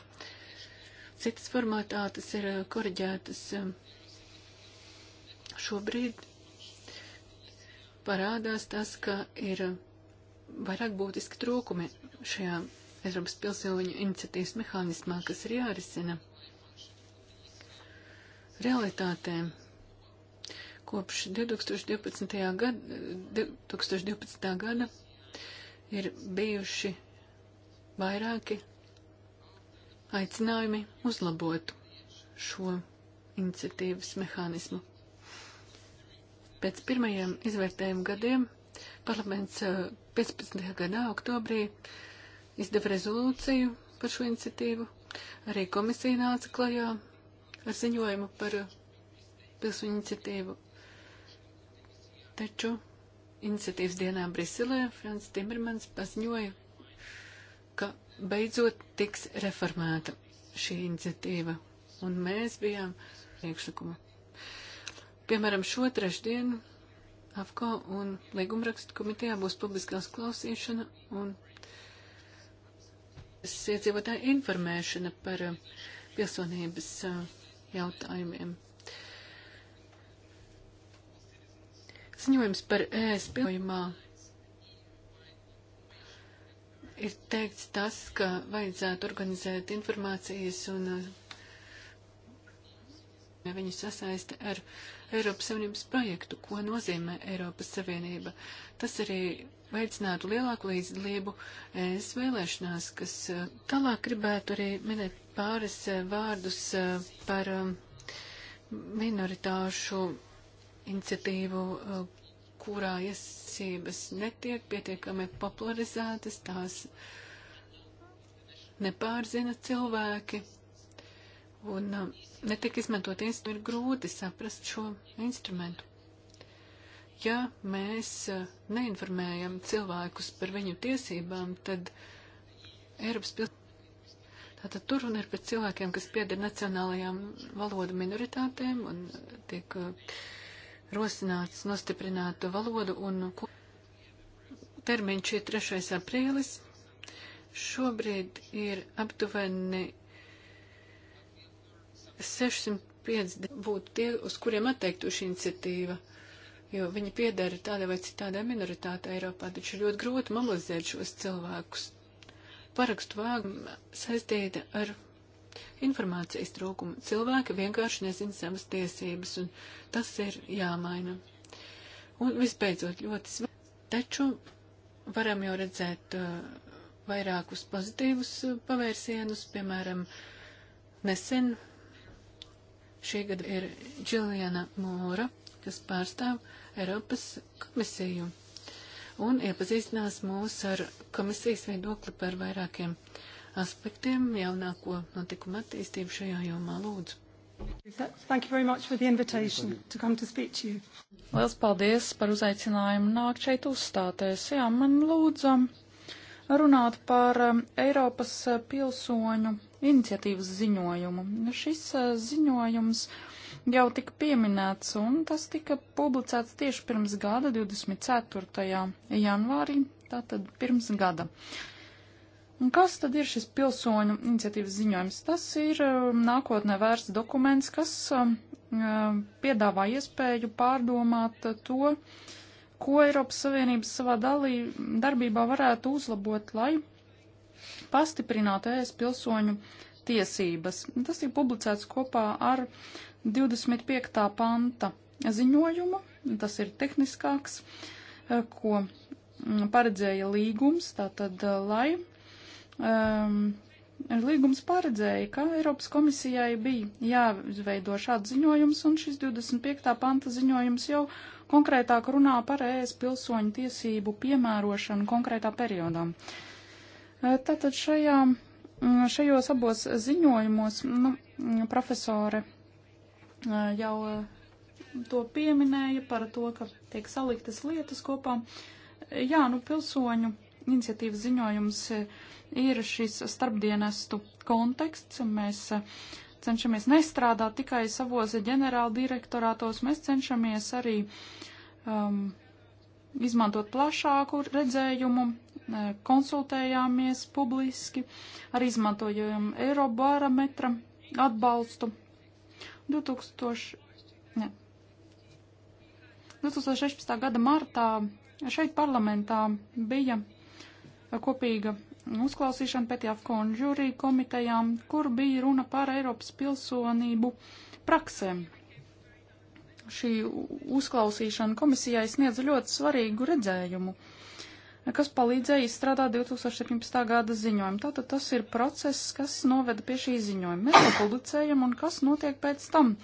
citas formātā, tas ir eh, koriģētas eh, šobrīd. Parādās tas, ka ir vairāk būtiski trūkumi šajā Eiropas pilsoņu iniciatīvas mehānismā, kas ir jārisina realitātēm Kopš 2012. gada, 2012. gada ir bijuši vairāki aicinājumi uzlabot šo iniciatīvas mehānismu. Pēc pirmajiem izvērtējuma gadiem parlaments 15. Eh, gadā oktobrī izdeva rezolūciju par šo iniciatīvu. Arī komisija nāca klajā ar ziņojumu par eh, pilsoņu iniciatīvu Taču iniciatīvas dienā Briselē Frans Timermans paziņoja, ka beidzot tiks reformēta šī iniciatīva, un mēs bijām priekšlikuma. Piemēram, šo trešdienu AFCO un līgumrakstu komitejā būs publiskās klausīšana un iedzīvotāju informēšana par uh, pilsonības uh, jautājumiem. Ziņojums par ēs pilnībā ir teikts tas, ka vajadzētu organizēt informācijas un uh, ja viņu sasaisti ar Eiropas Savienības projektu, ko nozīmē Eiropas Savienība. Tas arī veicinātu lielāku līdzdalību ES vēlēšanās, kas uh, tālāk gribētu arī minēt pāris uh, vārdus par um, minoritāšu iniciatīvu, eh, kurā iesības netiek pietiekami popularizētas, tās nepārzina cilvēki un eh, netiek izmantot instrumentu, ir grūti saprast šo instrumentu. Ja mēs eh, neinformējam cilvēkus par viņu tiesībām, tad Eiropas pilsēta. Tātad tur runa ir par cilvēkiem, kas pieder nacionālajām valodu minoritātēm un tiek uh, rosināts nostiprināt valodu un termiņš ir 3. aprīlis. Šobrīd ir aptuveni 650 būtu tie, uz kuriem atteiktu šī iniciatīva, jo viņi piedara tādai vai citādai minoritātei Eiropā, taču ir ļoti grūti mobilizēt šos cilvēkus. Parakstu vāga saistīta ar informācijas trūkumu. Cilvēki vienkārši nezina savas tiesības, un tas ir jāmaina. Un visbeidzot, ļoti svarīgi. Taču varam jau redzēt uh, vairākus pozitīvus uh, pavērsienus, piemēram, nesen šī gada ir Džiljana Mūra, kas pārstāv Eiropas komisiju un iepazīstinās mūs ar komisijas viedokli par vairākiem aspektiem, jaunāko notikumu attīstību šajā jomā lūdzu. Thank you very much for the invitation to come to speak to you. Liels paldies par uzaicinājumu nākt šeit uzstāties. Jā, man lūdza runāt par um, Eiropas uh, pilsoņu iniciatīvas ziņojumu. Šis uh, ziņojums jau tika pieminēts, un tas tika publicēts tieši pirms gada, 24. janvārī, tātad pirms gada. Un kas tad ir šis pilsoņu iniciatīvas ziņojums? Tas ir um, nākotnē vērsts dokuments, kas um, um, piedāvā iespēju pārdomāt to, ko Eiropas Savienības savā dalī, darbībā varētu uzlabot, lai pastiprinātu ES pilsoņu tiesības. Tas ir publicēts kopā ar 25. panta ziņojumu. Tas ir tehniskāks, eh, ko mm, paredzēja līgums, tātad, eh, lai um, līgums paredzēja, ka Eiropas komisijai bija jāizveido šāds ziņojums, un šis 25. panta ziņojums jau konkrētāk runā par ES pilsoņu tiesību piemērošanu konkrētā periodā. Uh, tātad šajā, mm, šajos abos ziņojumos nu, profesore uh, jau uh, to pieminēja par to, ka tiek saliktas lietas kopā. Jā, nu pilsoņu iniciatīvas ziņojums eh, ir šis starpdienestu konteksts. Mēs eh, cenšamies nestrādāt tikai savos ģenerāla direktorātos, mēs cenšamies arī um, izmantot plašāku redzējumu, eh, konsultējāmies publiski, arī izmantojam Eirobarometra atbalstu. 2000, ne, 2016. gada martā šeit parlamentā bija kopīga uzklausīšana pēc Jāfko un žūrī komitejām, kur bija runa par Eiropas pilsonību praksēm. Šī uzklausīšana komisijai sniedz ļoti svarīgu redzējumu, kas palīdzēja izstrādāt 2017. gada ziņojumu. Tātad tas ir process, kas noveda pie šī ziņojuma. Mēs to publicējam un kas notiek pēc tam.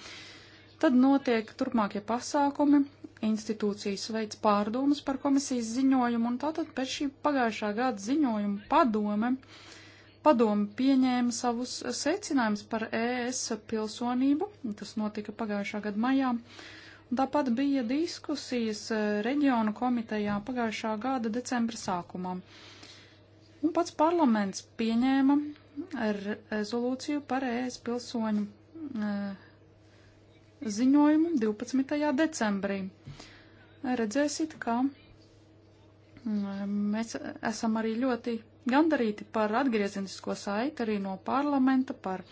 Tad notiek turpmākie pasākumi, institūcijas veic pārdomas par komisijas ziņojumu, un tātad pēc šī pagājušā gada ziņojuma padome, padome pieņēma savus secinājumus par ES pilsonību, tas notika pagājušā gada maijā, un tāpat bija diskusijas e, reģionu komitejā pagājušā gada decembra sākumā. Un pats parlaments pieņēma rezolūciju par ES pilsoņu e, ziņojumu 12. decembrī. Redzēsit, ka mm, mēs esam arī ļoti gandarīti par atgriezenisko saiti arī no parlamenta par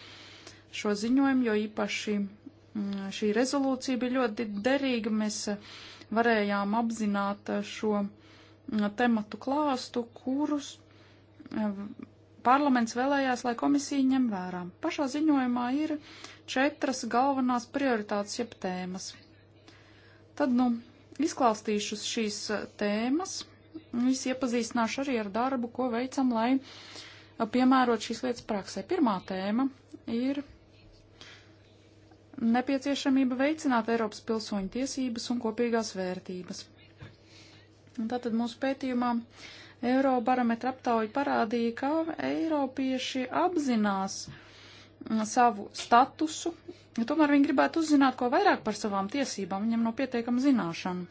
šo ziņojumu, jo īpaši mm, šī rezolūcija bija ļoti derīga. Mēs varējām apzināt šo mm, tematu klāstu, kurus parlaments vēlējās, lai komisija ņem vērā. Pašā ziņojumā ir uh, četras galvenās prioritātes jeb tēmas. Tad, nu, izklāstīšu šīs eh, tēmas, es iepazīstināšu arī ar darbu, ko veicam, lai eh, piemērot šīs lietas praksē. Pirmā tēma ir nepieciešamība veicināt Eiropas pilsoņu tiesības un kopīgās vērtības. Un tātad mūsu pētījumā Eirobarometra aptauja parādīja, ka Eiropieši apzinās, uh, savu statusu, ja tomēr viņi gribētu uzzināt ko vairāk par savām tiesībām, viņam nav no pietiekama zināšana.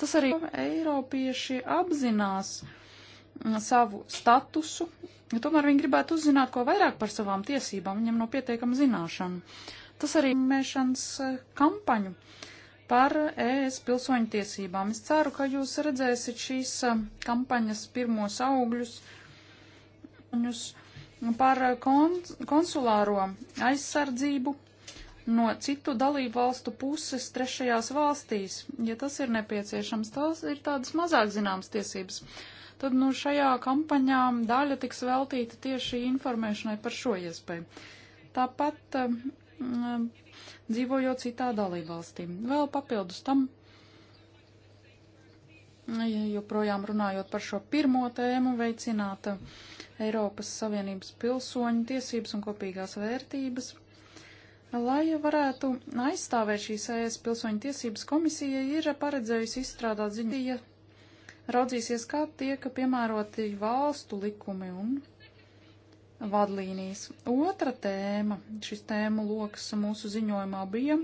Tas arī Eiropieši apzinās mm, savu statusu, ja tomēr viņi gribētu uzzināt ko vairāk par savām tiesībām, viņam nav no pietiekama zināšana. Tas arī mēšanas eh, kampaņu par ES pilsoņu tiesībām. Es ceru, ka jūs redzēsiet šīs eh, kampaņas pirmos augļus. Un jūs par eh, konsulāro aizsardzību no citu dalību valstu puses trešajās valstīs, ja tas ir nepieciešams. Tās ir tādas mazāk zināmas tiesības. Tad nu, šajā kampaņā daļa tiks veltīta tieši informēšanai par šo iespēju. Tāpat eh, m, dzīvojot citā dalību valstī. Vēl papildus tam, joprojām runājot par šo pirmo tēmu, veicināt uh, Eiropas Savienības pilsoņu tiesības un kopīgās vērtības. Lai varētu aizstāvēt šīs ES pilsoņu tiesības, komisija ir paredzējusi izstrādāt ziņu, ja raudzīsies, kā tiek piemēroti valstu likumi un vadlīnijas. Otra tēma, šis tēma lokas mūsu ziņojumā bija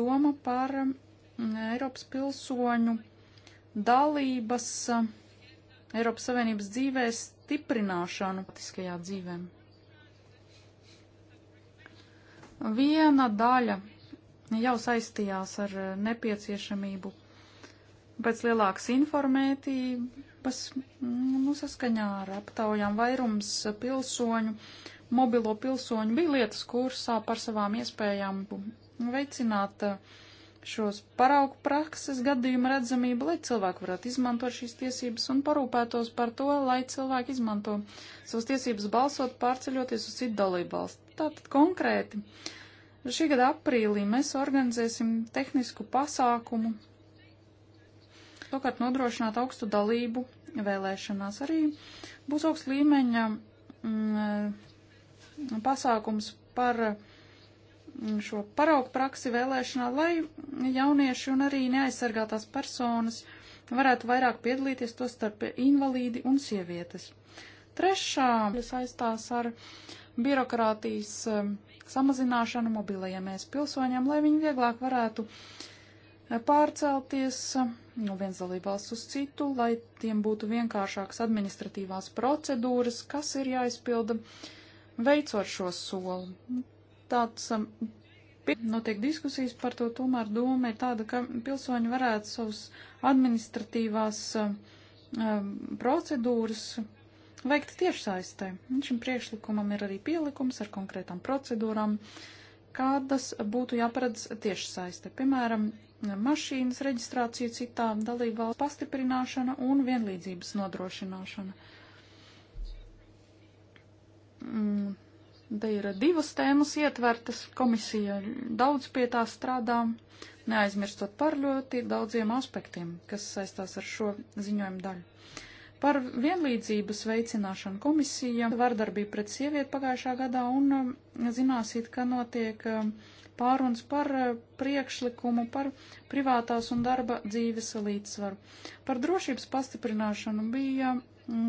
doma par mm, Eiropas pilsoņu dalības Eiropas Savienības dzīvēs stiprināšanu politiskajā dzīvēm. Viena daļa jau saistījās ar nepieciešamību pēc lielākas informētības, nu, saskaņā ar aptaujām vairums pilsoņu, mobilo pilsoņu bija lietas kursā par savām iespējām veicināt uh, šos paraugu prakses gadījumu redzamību, lai cilvēki varētu izmantot šīs tiesības un parūpētos par to, lai cilvēki izmanto savas tiesības balsot, pārceļoties uz citu dalību valsti. Tātad konkrēti. Šī gada aprīlī mēs organizēsim tehnisku pasākumu, tokārt nodrošināt augstu dalību vēlēšanās. Arī būs augsts līmeņa mm, pasākums par uh, Mm, šo paraugu praksi vēlēšanā, lai jaunieši un arī neaizsargātās personas varētu vairāk piedalīties to starp invalīdi un sievietes. Trešā saistās ar birokrātijas mm, samazināšanu mobilajamies pilsoņiem, lai viņi vieglāk varētu e, pārcelties mm, no viens dalībvalsts uz citu, lai tiem būtu vienkāršākas administratīvās procedūras, kas ir jāizpilda veicot šo soli tāds um, notiek diskusijas par to, tomēr doma ir tāda, ka pilsoņi varētu savus administratīvās um, um, procedūras veikt tiešsaistē. Šim priekšlikumam ir arī pielikums ar konkrētām procedūrām, kādas būtu jāparedz tiešsaiste. Piemēram, mašīnas reģistrācija citā dalībvalsts pastiprināšana un vienlīdzības nodrošināšana. Mm Te ir divas tēmas ietvertas, komisija daudz pie tā strādā, neaizmirstot par ļoti daudziem aspektiem, kas saistās ar šo ziņojumu daļu. Par vienlīdzības veicināšanu komisija vardarbību pret sievieti pagājušā gadā un um, zināsit, ka notiek um, pāruns par uh, priekšlikumu par privātās un darba dzīves līdzsvaru. Par drošības pastiprināšanu bija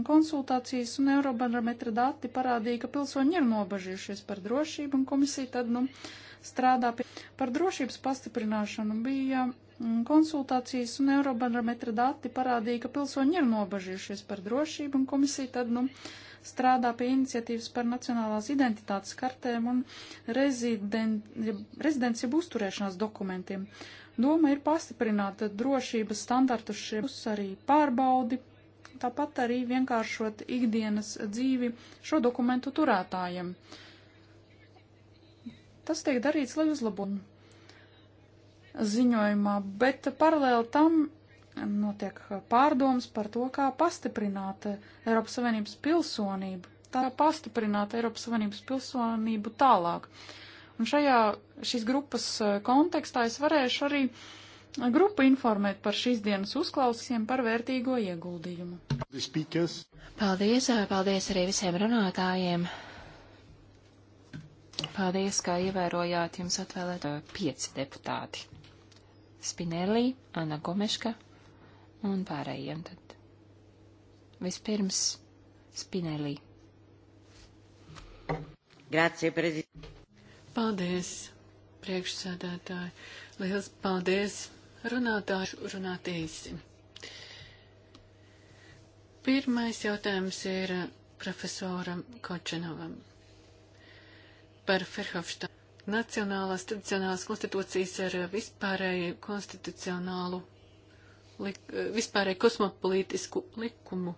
konsultācijas un Eurobarometra dati parādīja, ka pilsoņi ir nobažījušies par drošību, un komisija tad, nu, strādā pie par drošības pastiprināšanu. Bija mm, konsultācijas un Eurobarometra dati parādīja, ka pilsoņi ir nobažījušies par drošību, un komisija tad, nu, strādā pie iniciatīvas par nacionālās identitātes kartēm un rezidents jeb uzturēšanās dokumentiem. Doma ir pastiprināt drošības standartus šiem, arī pārbaudi, tāpat arī vienkāršot ikdienas dzīvi šo dokumentu turētājiem. Tas tiek darīts, lai uzlabotu ziņojumā, bet paralēli tam notiek pārdomas par to, kā pastiprināt Eiropas Savienības pilsonību, tā pastiprināt Eiropas Savienības pilsonību tālāk. Un šajā šīs grupas kontekstā es varēšu arī uh, grupu informēt par šīs dienas uzklausiem par vērtīgo ieguldījumu. Paldies, paldies arī visiem runātājiem. Paldies, kā ievērojāt jums atvēlēt pieci deputāti. Spinelli, Anna Gomeška un pārējiem tad. Vispirms Spinelli. Grazie, prezident. Paldies, priekšsēdētāji. Liels paldies runātāšu runāt īsi. Pirmais jautājums ir profesoram Kočenovam par Ferhofštā Nacionālās tradicionālās konstitūcijas ar vispārēju konstitucionālu, lik, vispārēju kosmopolitisku likumu.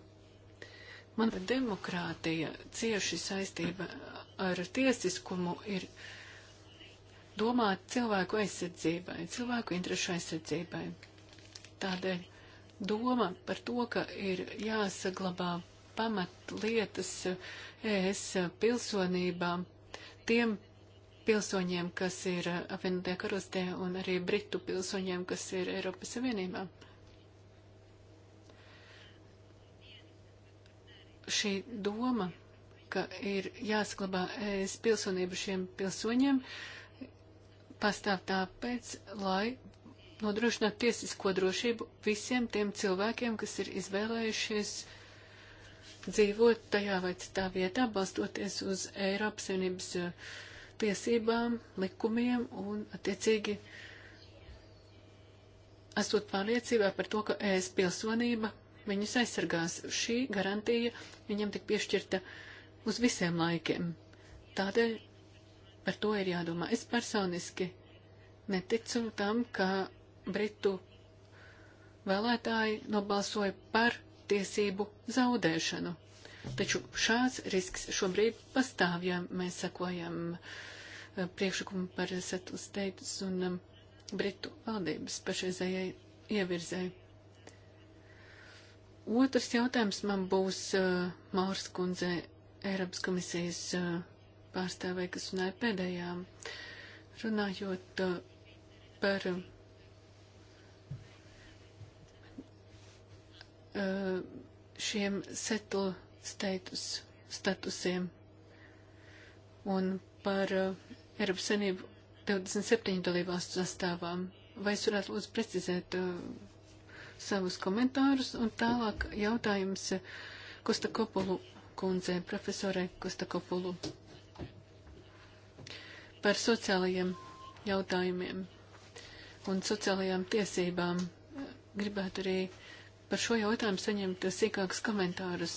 Man demokrātija cieši saistība ar tiesiskumu ir domāt cilvēku aizsardzībai, cilvēku interešu aizsardzībai. Tādēļ doma par to, ka ir jāsaglabā pamatlietas ES pilsonībām tiem pilsoņiem, kas ir apvienotajā karalistē un arī britu pilsoņiem, kas ir Eiropas Savienībā. Šī doma, ka ir jāsaglabā ES pilsonība šiem pilsoņiem, uh, pastāv tāpēc, lai nodrošināt tiesisko drošību visiem tiem cilvēkiem, kas ir izvēlējušies dzīvot tajā vai citā vietā, balstoties uz Eiropas Savienības uh, tiesībām, likumiem un, attiecīgi, esot pārliecībā par to, ka ES pilsonība viņus aizsargās. Šī garantija viņam tik piešķirta uz visiem laikiem. Tādēļ Par to ir jādomā. Es personiski neticu tam, ka Britu vēlētāji nobalsoja par tiesību zaudēšanu. Taču šāds risks šobrīd pastāv, ja mēs sakojam eh, priekšlikumu par Settle States un um, Britu valdības pašreizējai ievirzēji. Otrs jautājums man būs uh, eh, Mārs kundze Eiropas komisijas uh, pārstāvē, kas runāja pēdējām, runājot uh, par uh, šiem settle status, statusiem un par uh, Eiropas Savienību 27 dalībvalstu sastāvām. Vai es varētu lūdzu precizēt uh, savus komentārus? Un tālāk jautājums Kostakopulu kundzei, profesorai Kostakopulu. Par sociālajiem jautājumiem un sociālajām tiesībām gribētu arī par šo jautājumu saņemt sīkākus komentārus.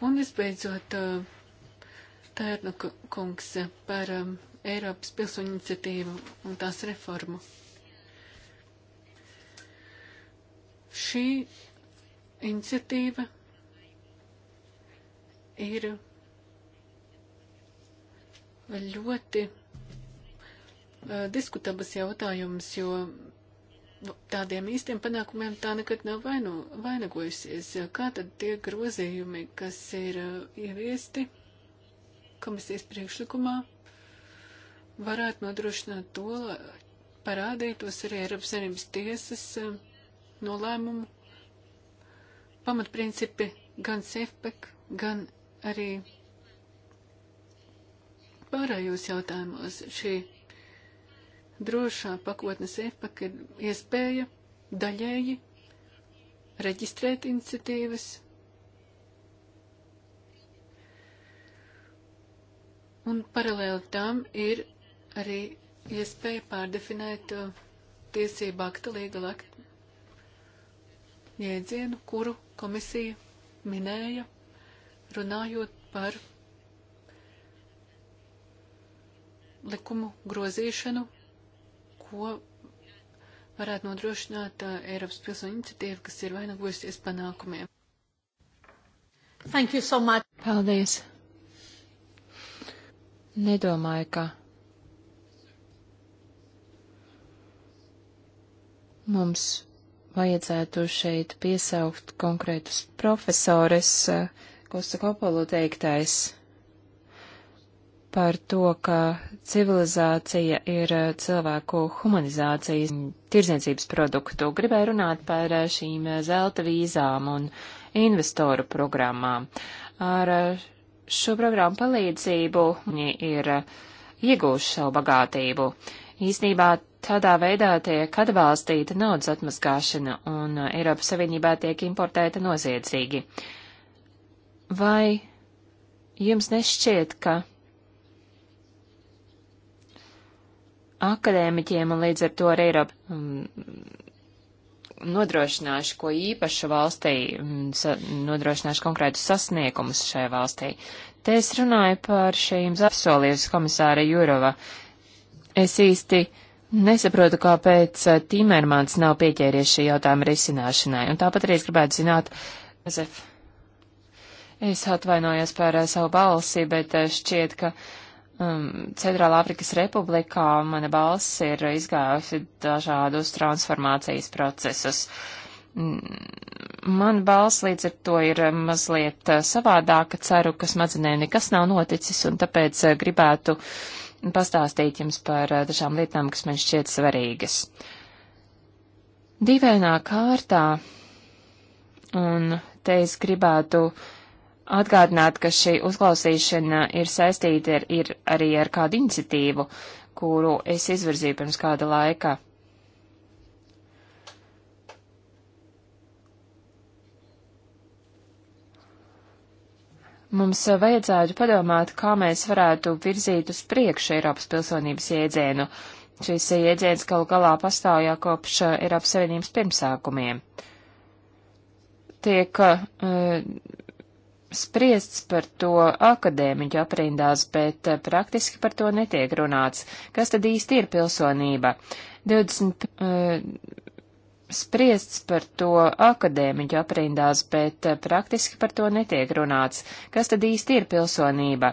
Un visbeidzot, eh, Tērnu kungs par um, Eiropas pilsoņu iniciatīvu un tās reformu. Šī iniciatīva ir ļoti Uh, diskutabas jautājums, jo nu, tādiem īstiem panākumiem tā nekad nav vainu, vainagojusies. Kā tad tie grozījumi, kas ir uh, ieviesti komisijas priekšlikumā, varētu nodrošināt to, lai parādītos arī Eiropas Savienības tiesas uh, nolēmumu pamatprincipi gan SEFPEK, gan arī pārējos jautājumos šī drošā pakotnes iepaka ir iespēja daļēji reģistrēt iniciatīvas un paralēli tam ir arī iespēja pārdefinēt uh, tiesību akta līgala akta jēdzienu, kuru komisija minēja, runājot par likumu grozīšanu ko varētu nodrošināt uh, Eiropas pilsoņu iniciatīva, kas ir vainagojusies panākumiem. Thank you so much. Paldies. Nedomāju, ka mums vajadzētu šeit piesaukt konkrētus profesores, uh, Kosta Kopolu teiktais par to, ka civilizācija ir eh, cilvēku humanizācijas tirdzniecības produktu. Gribēju runāt par eh, šīm eh, zelta vīzām un investoru programmām. Ar šo programmu palīdzību viņi ir iegūši savu bagātību. Īsnībā tādā veidā tiek atbalstīta naudas atmaskāšana un Eiropas Savienībā tiek importēta noziedzīgi. Vai jums nešķiet, ka akadēmiķiem un līdz ar to arī Eiropa mm, nodrošināšu ko īpašu valstī, nodrošināšu konkrētus sasniegumus šai valstī. Te es runāju par šīm apsolies komisāra Jurova. Es īsti nesaprotu, kāpēc eh, Timermans nav pieķēries šī jautājuma risināšanai, un tāpat arī es gribētu zināt, Josef, es atvainojos par eh, savu balsi, bet eh, šķiet, ka um, Centrāla Afrikas Republikā mana balss ir izgājusi dažādus transformācijas procesus. Mm, man balss līdz ar to ir mazliet uh, savādāka, ceru, ka smadzenē nekas nav noticis, un tāpēc uh, gribētu pastāstīt jums par uh, dažām lietām, kas man šķiet svarīgas. Dīvainā kārtā, un te es gribētu uh, atgādināt, ka šī uzklausīšana ir saistīta ar, ir arī ar kādu iniciatīvu, kuru es izvirzīju pirms kāda laika. Mums vajadzētu padomāt, kā mēs varētu virzīt uz priekšu Eiropas pilsonības jēdzienu. Šis jēdziens galu galā pastāv jau kopš uh, Eiropas Savienības pirmsākumiem. Tiek uh, spriests par to akadēmiķu aprindās, bet eh, praktiski par to netiek runāts. Kas tad īsti ir pilsonība? 20, uh, eh, spriests par to akadēmiķu aprindās, bet eh, praktiski par to netiek runāts. Kas tad īsti ir pilsonība?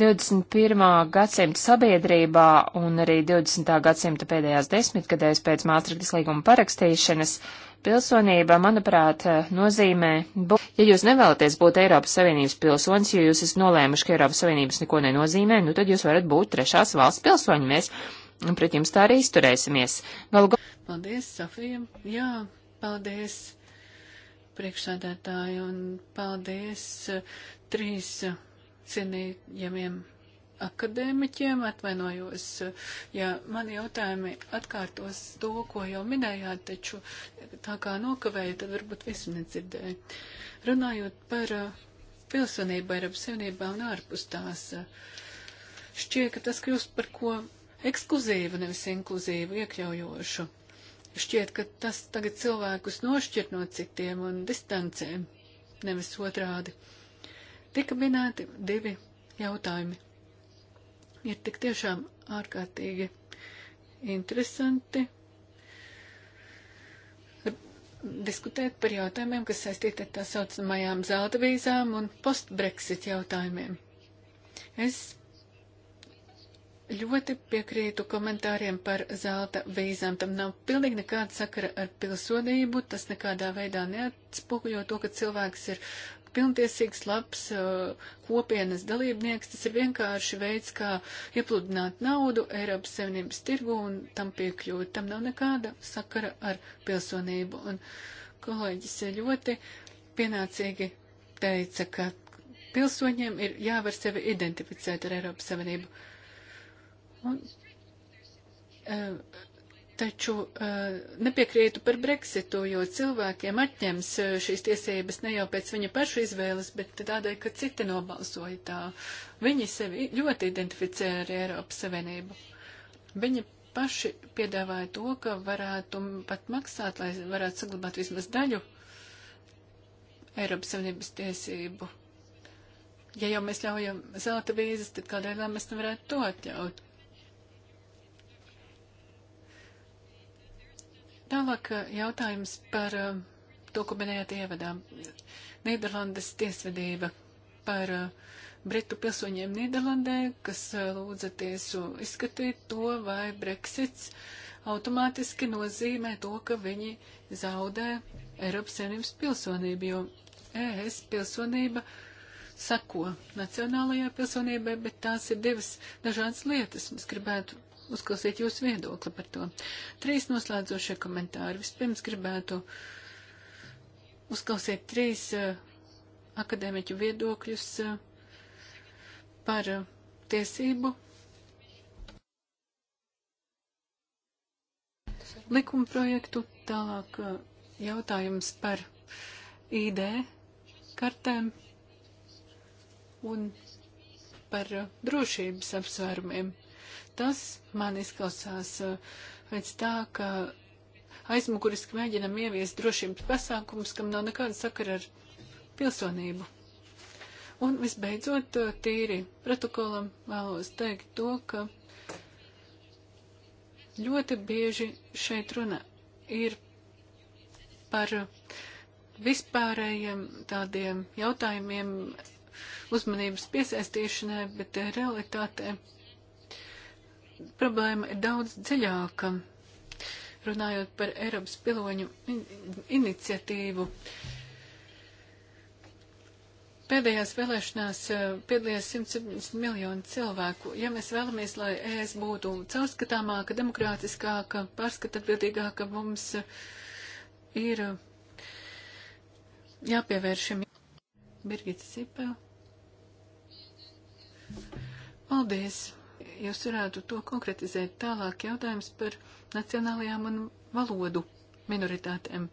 21. gadsimta sabiedrībā un arī 20. gadsimta pēdējās desmitgadēs pēc Māstriktas līguma parakstīšanas uh, Pilsonība, manuprāt, nozīmē, ja jūs nevēlaties būt Eiropas Savienības pilsonis, jo jūs esat nolēmuši, ka Eiropas Savienības neko nenozīmē, nu tad jūs varat būt trešās valsts pilsoņi. Mēs nu, pret jums tā arī izturēsimies. Galgo... Paldies, Sofija. Jā, paldies priekšsādātāji un paldies eh, trīs eh, cienījamiem akadēmiķiem, atvainojos, ja mani jautājumi atkārtos to, ko jau minējāt, taču tā kā nokavēju, tad varbūt visu nedzirdēju. Runājot par uh, pilsonību Eiropas Savienībā un ārpus tās, uh, šķiet, ka tas kļūst par ko ekskluzīvu, nevis inkluzīvu, iekļaujošu. Šķiet, ka tas tagad cilvēkus nošķir no citiem un distancēm, nevis otrādi. Tika minēti divi jautājumi ir tik tiešām ārkārtīgi interesanti diskutēt par jautājumiem, kas saistīti ar tā saucamajām zelta vīzām un post-Brexit jautājumiem. Es ļoti piekrītu komentāriem par zelta vīzām. Tam nav pilnīgi nekāda sakara ar pilsonību, tas nekādā veidā neatspoguļo to, ka cilvēks ir pilntiesīgs, labs uh, kopienas dalībnieks. Tas ir vienkārši veids, kā iepludināt naudu Eiropas Savienības tirgu un tam piekļūt. Tam nav nekāda sakara ar pilsonību. Un kolēģis ļoti pienācīgi teica, ka pilsoņiem ir jāvar sevi identificēt ar Eiropas Savienību. Un, uh, taču eh, nepiekrītu par Brexitu, jo cilvēkiem atņems eh, šīs tiesības ne jau pēc viņa paša izvēles, bet tādēļ, ka citi nobalsoja tā. Viņi sevi ļoti identificē ar Eiropas Savienību. Viņi paši piedāvāja to, ka varētu pat maksāt, lai varētu saglabāt vismaz daļu Eiropas Savienības tiesību. Ja jau mēs ļaujam zelta vīzes, tad kādēļ mēs nevarētu to atļaut? Tālāk eh, jautājums par eh, to, ko minējāt ievadā. Nīderlandes tiesvedība par eh, Britu pilsoņiem Nīderlandē, kas lūdza tiesu izskatīt to, vai Brexits automātiski nozīmē to, ka viņi zaudē Eiropas Savienības pilsonību, jo ES pilsonība sako nacionālajā pilsonībai, bet tās ir divas dažādas lietas. Mēs gribētu uzklausīt jūsu viedokli par to. Trīs noslēdzošie komentāri. Vispirms gribētu uzklausīt trīs uh, akadēmiķu viedokļus uh, par uh, tiesību likuma projektu. Tālāk jautājums par ID kartēm un par drošības apsvērumiem tas man izklausās eh, pēc tā, ka aizmuguriski mēģinam ieviest drošības pasākumus, kam nav nekāda sakara ar pilsonību. Un visbeidzot, eh, tīri protokolam vēlos teikt to, ka ļoti bieži šeit runa ir par vispārējiem tādiem jautājumiem uzmanības piesaistīšanai, bet eh, realitātē problēma ir daudz dziļāka. Runājot par Eiropas piloņu iniciatīvu, pēdējās vēlēšanās eh, piedalījās 170 miljoni cilvēku. Ja mēs vēlamies, lai ES būtu caurskatāmāka, demokrātiskāka, pārskatatbildīgāka, mums eh, ir eh, jāpievēršam. Birgita Sipel. Paldies! jūs varētu to konkretizēt tālāk jautājums par nacionālajām un valodu minoritātēm.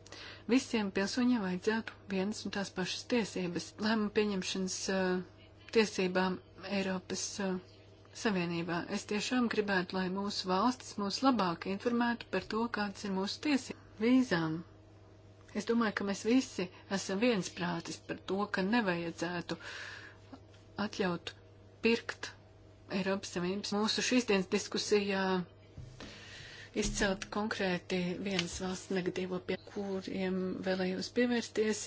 Visiem pilsoņiem vajadzētu vienas un tās pašas tiesības lēmumu pieņemšanas uh, tiesībām Eiropas uh, Savienībā. Es tiešām gribētu, lai mūsu valstis mūs labāk informētu par to, kādas ir mūsu tiesības vīzām. Es domāju, ka mēs visi esam viensprātis par to, ka nevajadzētu atļaut pirkt Eiropas Savienības. Mūsu šīsdienas diskusijā izcelt konkrēti vienas valsts negatīvo, pie kuriem vēlējos pievērsties,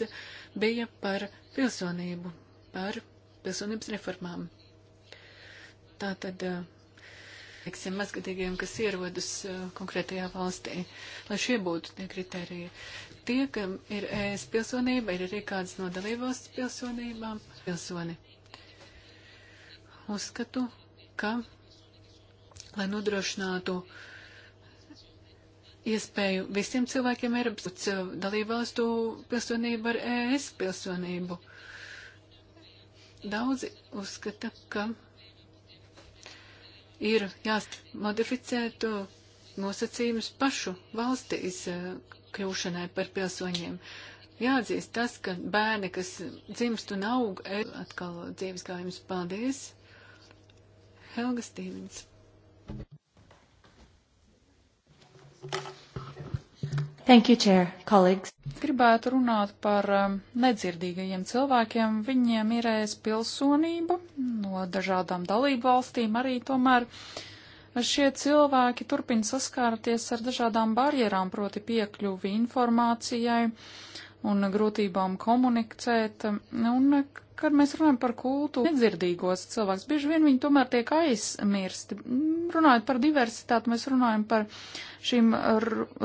bija par pilsonību, par pilsonības reformām. Tātad, teiksim, mazgadīgiem, kas ierodas eh, konkrētajā valstī, lai šie būtu tie kriteriji. Tie, kam ir ES pilsonība, ir arī kādas no dalībvalsts pilsonībām pilsoni. Uzskatu, ka, lai nodrošinātu iespēju visiem cilvēkiem Eiropas uh, dalībvalstu pilsonību ar ES pilsonību. Daudzi uzskata, ka ir jāmodificēt uh, nosacījumus pašu valstīs uh, kļūšanai par pilsoņiem. Jāatzīst tas, ka bērni, kas dzimst un aug, e- atkal dzīves gājums. Paldies! Helga Stīvins. Thank you, Chair, colleagues. Gribētu runāt par um, nedzirdīgajiem cilvēkiem. Viņiem ir ēs pilsonība no dažādām dalību valstīm arī tomēr. Šie cilvēki turpina saskārties ar dažādām barjerām, proti piekļuvi informācijai, un grūtībām komunicēt. Un, kad mēs runājam par kultūru, nedzirdīgos cilvēks, bieži vien viņi tomēr tiek aizmirsti. Runājot par diversitāti, mēs runājam par šīm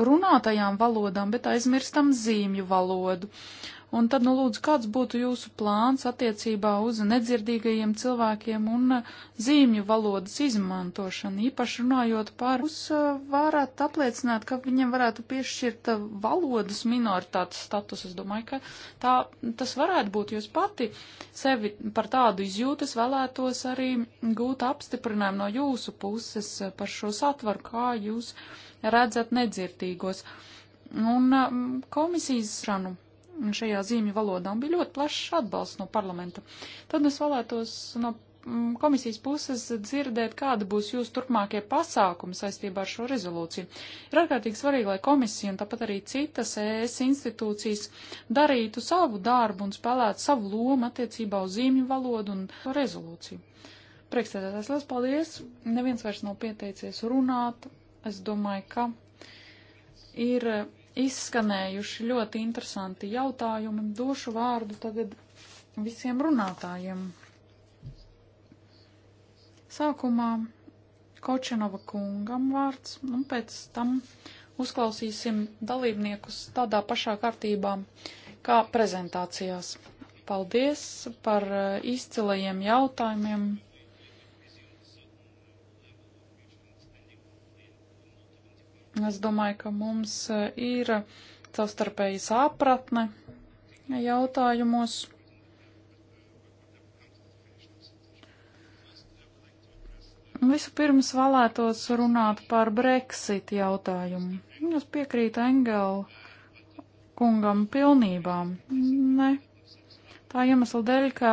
runātajām valodām, bet aizmirstam zīmju valodu. Uh, Un tad, nu, lūdzu, kāds būtu jūsu plāns attiecībā uz nedzirdīgajiem cilvēkiem un uh, zīmju valodas izmantošanu? Īpaši runājot par, jūs uh, varat apliecināt, ka viņiem varētu piešķirt uh, valodas minoritātes status. Es domāju, ka tā, tas varētu būt jūs pati sevi par tādu izjūtu. Es vēlētos arī gūt apstiprinājumu no jūsu puses par šo satvaru, kā jūs redzat nedzirdīgos. Un um, komisijas šanu šajā zīmju valodā un bija ļoti plašs atbalsts no parlamenta. Tad es vēlētos no mm, komisijas puses dzirdēt, kāda būs jūsu turpmākie pasākumi saistībā ar šo rezolūciju. Ir ārkārtīgi svarīgi, lai komisija un tāpat arī citas ES institūcijas darītu savu darbu un spēlētu savu lomu attiecībā uz zīmju valodu un rezolūciju. Priekšstādātājs, liels paldies! Neviens vairs nav pieteicies runāt. Es domāju, ka ir izskanējuši ļoti interesanti jautājumi. Došu vārdu tagad visiem runātājiem. Sākumā Kočenova kungam vārds, un nu, pēc tam uzklausīsim dalībniekus tādā pašā kārtībā kā prezentācijās. Paldies par eh, izcilajiem jautājumiem Es domāju, ka mums eh, ir savstarpēji sapratne jautājumos. Vispirms vēlētos runāt par Brexit jautājumu. Es piekrītu Engela kungam pilnībām. Ne. Tā iemesla dēļ, ka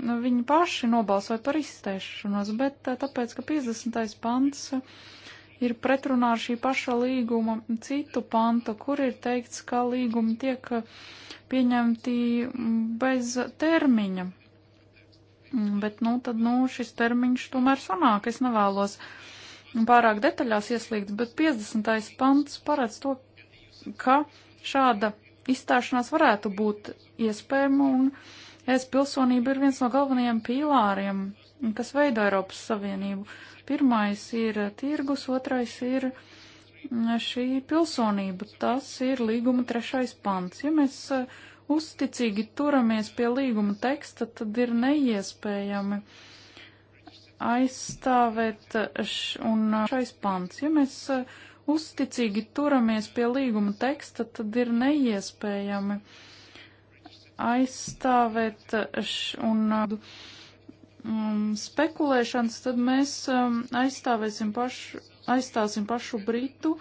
viņi paši nobalsoja par izstēšanos, bet eh, tāpēc, ka 50. pants ir pretrunā ar šī paša līguma citu pantu, kur ir teikts, ka līgumi tiek eh, pieņemti mm, bez termiņa. Mm, bet, nu, tad, nu, šis termiņš tomēr sanāk. Es nevēlos pārāk detaļās ieslīgt, bet 50. pants paredz to, ka šāda izstāšanās varētu būt iespējama un es pilsonība ir viens no galvenajiem pīlāriem kas veido Eiropas Savienību. Pirmais ir tirgus, otrais ir mm, šī pilsonība. Tas ir līguma trešais pants. Ja mēs eh, uzticīgi turamies pie līguma teksta, tad ir neiespējami aizstāvēt eh, š, un eh, šais pants. Ja mēs uzticīgi turamies pie līguma teksta, tad ir neiespējami aizstāvēt š, un. Uh, um, spekulēšanas, tad mēs um, aizstāvēsim pašu, aizstāsim pašu Britu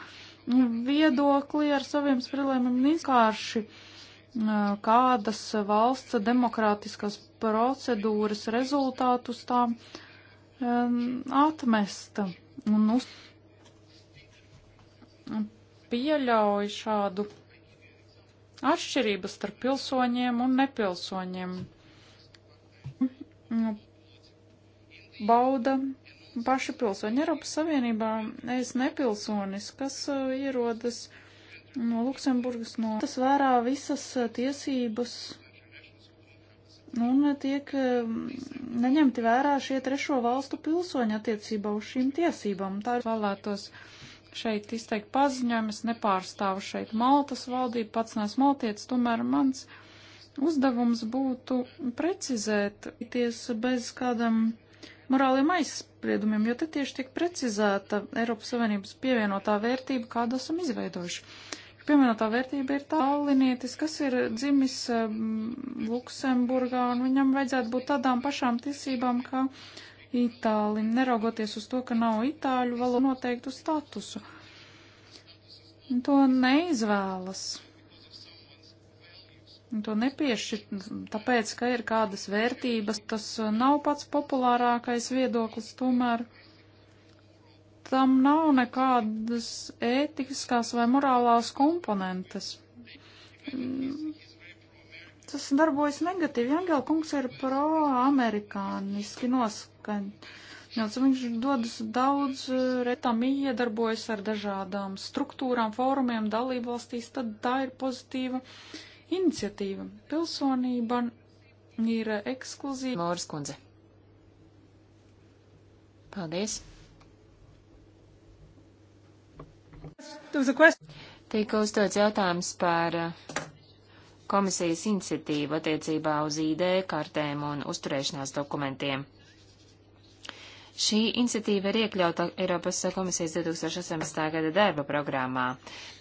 viedokli ar saviem sprilēmiem vienkārši uh, kādas valsts demokrātiskās procedūras rezultātus tām um, atmesta un uz... pieļauj šādu atšķirības starp pilsoņiem un nepilsoņiem. Nu, bauda paši pilsoņi. Eiropas Savienībā es nepilsonis, kas uh, ierodas no Luksemburgas, no tas vērā visas uh, tiesības un tiek um, neņemti vērā šie trešo valstu pilsoņi attiecībā uz šīm tiesībām. Tā ir vēlētos šeit izteikt paziņojumu, es nepārstāvu šeit Maltas valdību, pats nes maltietis, tomēr mans uzdevums būtu precizēt, ties bez kādam morāliem aizspriedumiem, jo te tieši tiek precizēta Eiropas Savienības pievienotā vērtība, kādu esam izveidojuši. Pievienotā vērtība ir tālinietis, kas ir dzimis um, Luksemburgā, un viņam vajadzētu būt tādām pašām tiesībām, kā itālim, neraugoties uz to, ka nav itāļu valodu noteiktu statusu. To neizvēlas to nepiešķirt, tāpēc, ka ir kādas vērtības, tas uh, nav pats populārākais viedoklis, tomēr tam nav nekādas ētiskās vai morālās komponentes. Mm, tas darbojas negatīvi. Angela kungs ir pro-amerikāniski noskaņots. Viņš dodas daudz uh, retam iedarbojas ar dažādām struktūrām, fórumiem, dalībvalstīs, tad tā ir pozitīva uh, Iniciatīva pilsonība ir ekskluzīva. Māras kundze. Paldies. Tika uzdots jautājums par uh, komisijas iniciatīvu attiecībā uz ID kartēm un uzturēšanās dokumentiem. Šī iniciatīva ir iekļauta Eiropas komisijas 2018. gada darba programmā.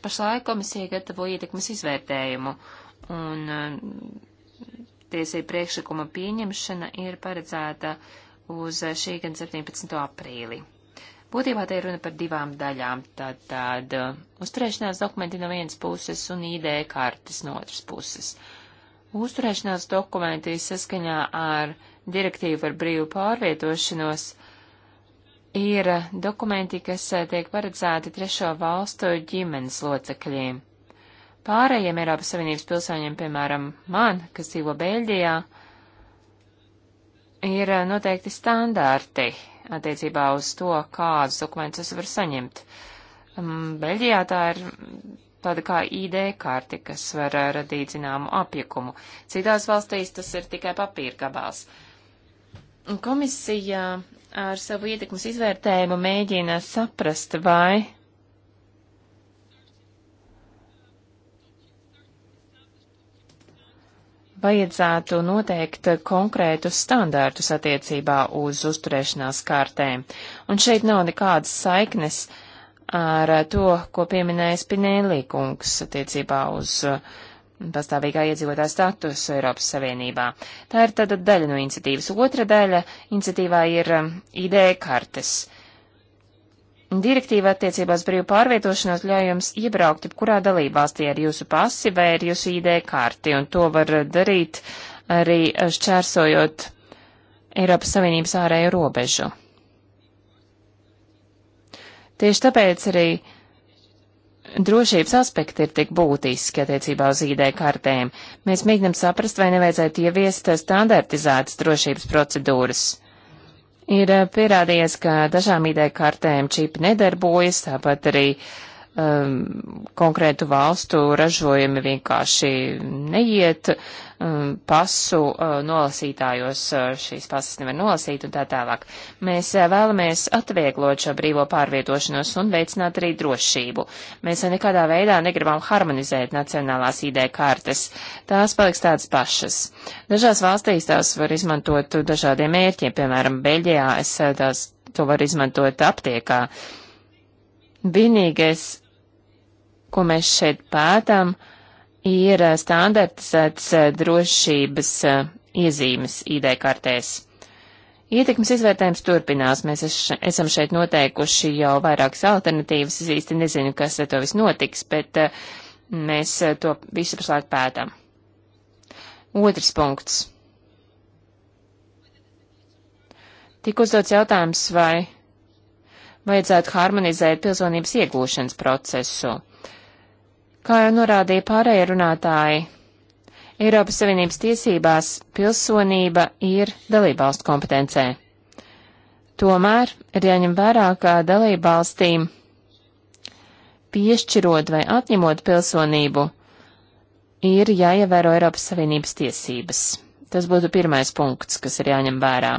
Pašlaik komisija gatavo ietekmes izvērtējumu, Un eh, tiesību priekšlikuma pieņemšana ir paredzēta uz eh, šī gada 17. aprīli. Būtībā te ir runa par divām daļām. Tātad eh, uzturēšanās dokumenti no vienas puses un ID kartes no otras puses. Uzturēšanās dokumenti saskaņā ar direktīvu par brīvu pārvietošanos ir dokumenti, kas tiek paredzēti trešo valstu ģimenes locekļiem pārējiem Eiropas Savienības pilsoņiem, piemēram, man, kas dzīvo Beļģijā, ir uh, noteikti standārti attiecībā uz to, kādus dokumentus es varu saņemt. Um, Beļģijā tā ir tāda kā ID karti, kas var uh, radīt zināmu apjukumu. Citās valstīs tas ir tikai papīra gabals. Komisija ar savu ietekmes izvērtējumu mēģina saprast, vai vajadzētu noteikt konkrētus standārtus attiecībā uz uzturēšanās kārtēm. Un šeit nav nekādas saiknes ar to, ko pieminēja Spinēlī kungs attiecībā uz uh, pastāvīgā iedzīvotāja statusu Eiropas Savienībā. Tā ir tāda daļa no iniciatīvas. Otra daļa iniciatīvā ir um, ideja kartes. Uh, Direktīva attiecībās brīvu pārvietošanos ļauj jums iebraukt jebkurā dalībvalstī ar jūsu pasi vai ar jūsu ID karti, un to var darīt arī eh, šķērsojot Eiropas Savienības ārēju robežu. Tieši tāpēc arī drošības aspekti ir tik būtiski attiecībā uz ID kartēm. Mēs mēģinam saprast, vai nevajadzētu ieviest standartizētas drošības procedūras. Ir eh, pierādījies, ka dažām ID kartēm čipi nedarbojas, tāpat arī uh, um, konkrētu valstu ražojumi vienkārši neiet um, pasu uh, nolasītājos, uh, šīs pasas nevar nolasīt un tā tālāk. Mēs uh, vēlamies atvieglot šo brīvo pārvietošanos un veicināt arī drošību. Mēs uh, nekādā veidā negribam harmonizēt nacionālās ID kartes. Tās paliks tādas pašas. Dažās valstīs tās var izmantot dažādiem mērķiem, piemēram, Beļģijā es uh, tās to var izmantot aptiekā. Vienīgais ko mēs šeit pētām, ir eh, standartizētas eh, drošības eh, iezīmes ID kartēs. Ietekmes izvērtējums turpinās. Mēs esam šeit noteikuši jau vairākas alternatīvas. Es īsti nezinu, kas ar to viss notiks, bet mēs to visu pašlaik pētām. Otrs punkts. Tik uzdots jautājums, vai vajadzētu harmonizēt pilsonības iegūšanas procesu. Kā jau norādīja pārējie runātāji, Eiropas Savienības tiesībās pilsonība ir dalībvalstu kompetencē. Tomēr ir jāņem vērā, ka dalībvalstīm piešķirot vai atņemot pilsonību ir jāievēro Eiropas Savienības tiesības. Tas būtu pirmais punkts, kas ir jāņem vērā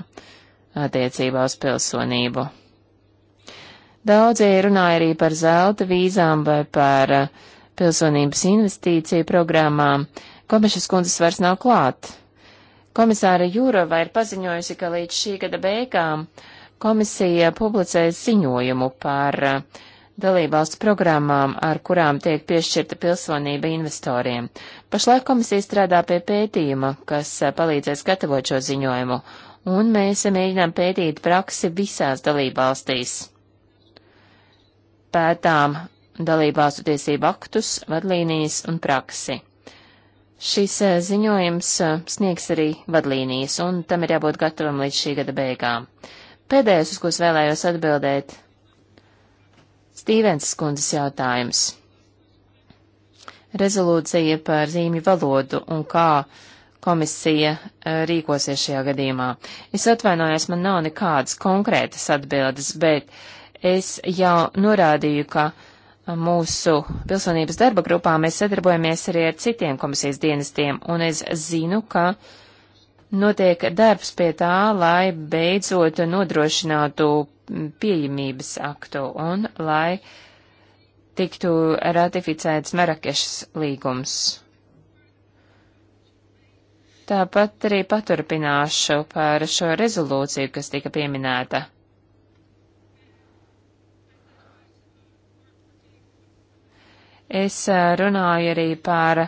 attiecībā uz pilsonību. Daudzie runāja arī par zelta vīzām vai par uh, pilsonības investīciju programmām. Komešas kundzes vairs nav klāt. Komisāra Jūrova ir paziņojusi, ka līdz šī gada beigām komisija publicēs ziņojumu par eh, dalībvalstu programmām, ar kurām tiek piešķirta pilsonība investoriem. Pašlaik komisija strādā pie pētījuma, kas eh, palīdzēs gatavot šo ziņojumu, un mēs mēģinām pētīt praksi visās dalībvalstīs. Pētām dalībās tiesību aktus, vadlīnijas un praksi. Šis eh, ziņojums eh, sniegs arī vadlīnijas, un tam ir jābūt gatavam līdz šī gada beigām. Pēdējais, uz ko es vēlējos atbildēt, Stīvens skundzes jautājums. Rezolūcija par zīmju valodu un kā komisija eh, rīkosies šajā gadījumā. Es atvainojos, man nav nekādas konkrētas atbildes, bet es jau norādīju, ka uh, mūsu pilsonības darba grupā mēs sadarbojamies arī ar citiem komisijas dienestiem, un es zinu, ka notiek darbs pie tā, lai beidzot nodrošinātu pieejamības aktu un lai tiktu ratificēts Marakešas līgums. Tāpat arī paturpināšu par šo rezolūciju, kas tika pieminēta. Es runāju arī par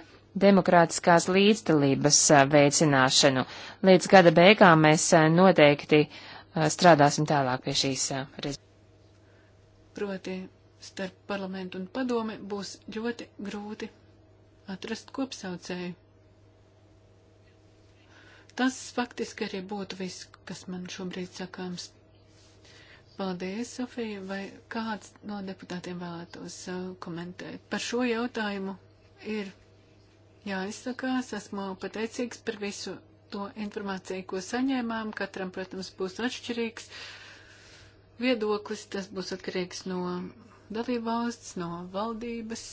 demokrātiskās līdzdalības veicināšanu. Līdz gada beigām mēs noteikti strādāsim tālāk pie šīs rezultātu. Proti starp parlamentu un padomi būs ļoti grūti atrast kopsaucēju. Tas faktiski arī būtu viss, kas man šobrīd sakāms. Paldies, Sofija. Vai kāds no deputātiem vēlētos uh, komentēt? Par šo jautājumu ir jāizsakās. Esmu pateicīgs par visu to informāciju, ko saņēmām. Katram, protams, būs atšķirīgs viedoklis. Tas būs atkarīgs no dalībvalsts, no valdības.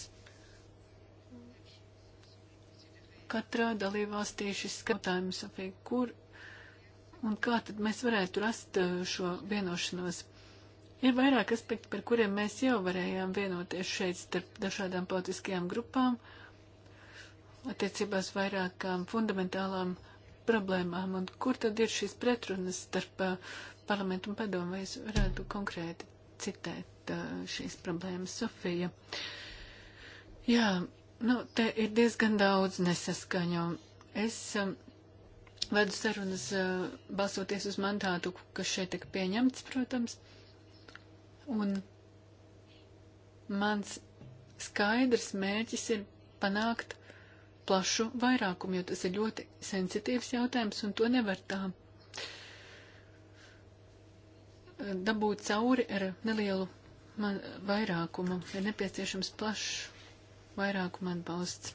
Katrā dalībvalstī šis skatājums, Sofija, kur un kā tad mēs varētu rast eh, šo vienošanos. Ir vairāk aspekti, par kuriem mēs jau varējām vienoties šeit starp dažādām politiskajām grupām, attiecībās vairākām fundamentālām problēmām, un kur tad ir šīs pretrunas starp uh, parlamentu un padomu, vai es varētu konkrēti citēt uh, šīs problēmas, Sofija. Jā, nu, te ir diezgan daudz nesaskaņu. Es um, vedu sarunas balsoties uz mandātu, kas šeit tika pieņemts, protams. Un mans skaidrs mērķis ir panākt plašu vairākumu, jo tas ir ļoti sensitīvs jautājums, un to nevar tā dabūt cauri ar nelielu man, vairākumu. Ir nepieciešams plašs vairākuma atbalsts.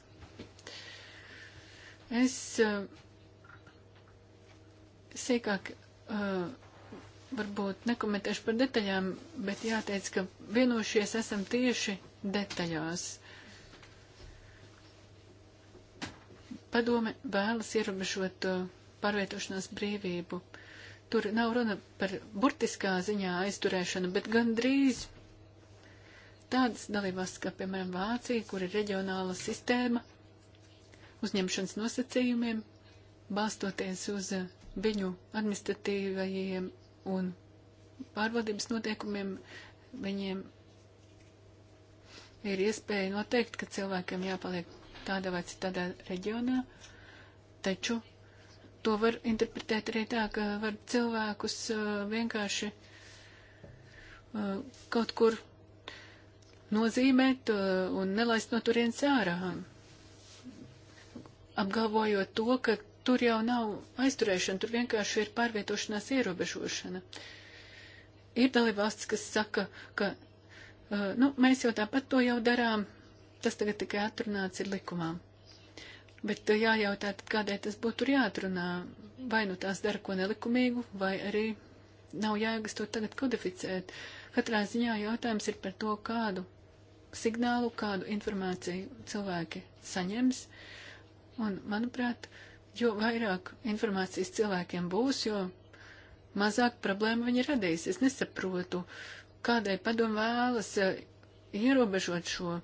Es uh, Sīkāk uh, varbūt nekomentēšu par detaļām, bet jāteic, ka vienošies esam tieši detaļās. Padome vēlas ierobežot uh, pārvietošanās brīvību. Tur nav runa par burtiskā ziņā aizturēšanu, bet gan drīz tādas dalībās, kā piemēram Vācija, kur ir reģionāla sistēma uzņemšanas nosacījumiem, balstoties uz uh, viņu administratīvajiem un pārvaldības noteikumiem viņiem ir iespēja noteikt, ka cilvēkiem jāpaliek tādā vai citādā reģionā, taču to var interpretēt arī tā, ka var cilvēkus uh, vienkārši uh, kaut kur nozīmēt uh, un nelaist no turienes ārā, apgalvojot to, ka tur jau nav aizturēšana, tur vienkārši ir pārvietošanās ierobežošana. Ir dalībvalsts, kas saka, ka, uh, nu, mēs jau tāpat to jau darām, tas tagad tikai atrunāts ir likumā. Bet uh, jājautā, tad kādēļ tas būtu jāatrunā, vai nu tās dara ko nelikumīgu, vai arī nav jēgas to tagad kodificēt. Katrā ziņā jautājums ir par to, kādu signālu, kādu informāciju cilvēki saņems, un, manuprāt, uh, jo vairāk informācijas cilvēkiem būs, jo mazāk problēmu viņi radīs. Es nesaprotu, kādēļ padomu vēlas eh, ierobežot šo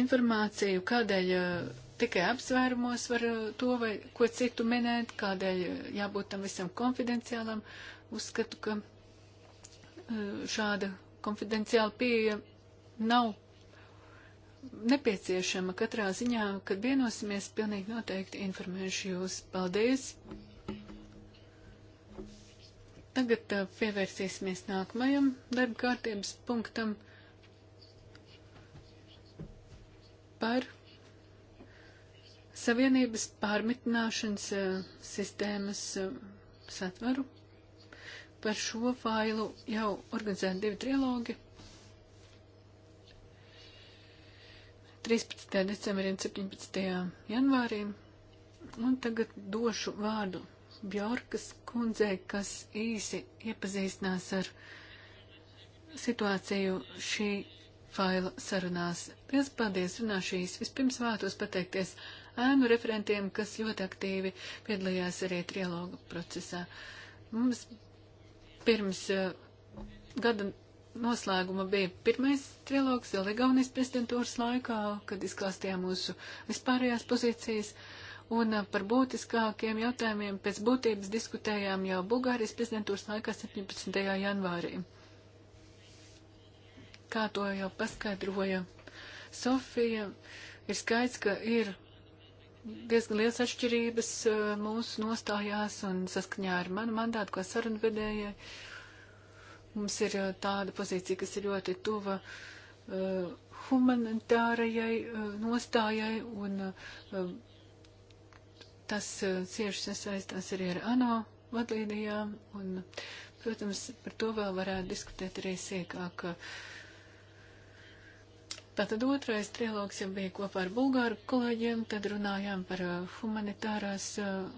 informāciju, kādēļ eh, tikai apsvērumos var eh, to vai ko citu minēt, kādēļ jābūt tam visam konfidenciālam. Uzskatu, ka šāda konfidenciāla pieeja nav nepieciešama katrā ziņā, kad vienosimies, pilnīgi noteikti informēšu jūs. Paldies! Tagad uh, pievērsīsimies nākamajam darba kārtības punktam par Savienības pārmitināšanas uh, sistēmas uh, satvaru. Par šo failu jau organizēti divi trilogi 13. decembrim, 17. janvārim. Un tagad došu vārdu Bjorkas kundzei, kas īsi iepazīstinās ar situāciju šī faila sarunās. Pēc paldies runāšu īsi. Vispirms vētos pateikties ēnu referentiem, kas ļoti aktīvi piedalījās arī trialoga procesā. Mums pirms uh, gada noslēguma bija pirmais trilogs vēl Igaunijas prezidentūras laikā, kad izklāstījām mūsu vispārējās pozīcijas, un uh, par būtiskākiem jautājumiem pēc būtības diskutējām jau Bulgārijas prezidentūras laikā 17. janvārī. Kā to jau paskaidroja Sofija, ir skaidrs, ka ir diezgan liels atšķirības uh, mūsu nostājās un saskaņā ar manu mandātu, kā sarunvedējai Mums ir uh, tāda pozīcija, kas ir ļoti tuva uh, humanitārajai uh, nostājai, un uh, um, tas uh, cieši sasaistās arī ar ANO vadlīnijām, un, protams, par to vēl varētu diskutēt arī sīkāk. Tātad otrais trilogs jau bija kopā ar bulgāru kolēģiem, tad runājām par uh, humanitārās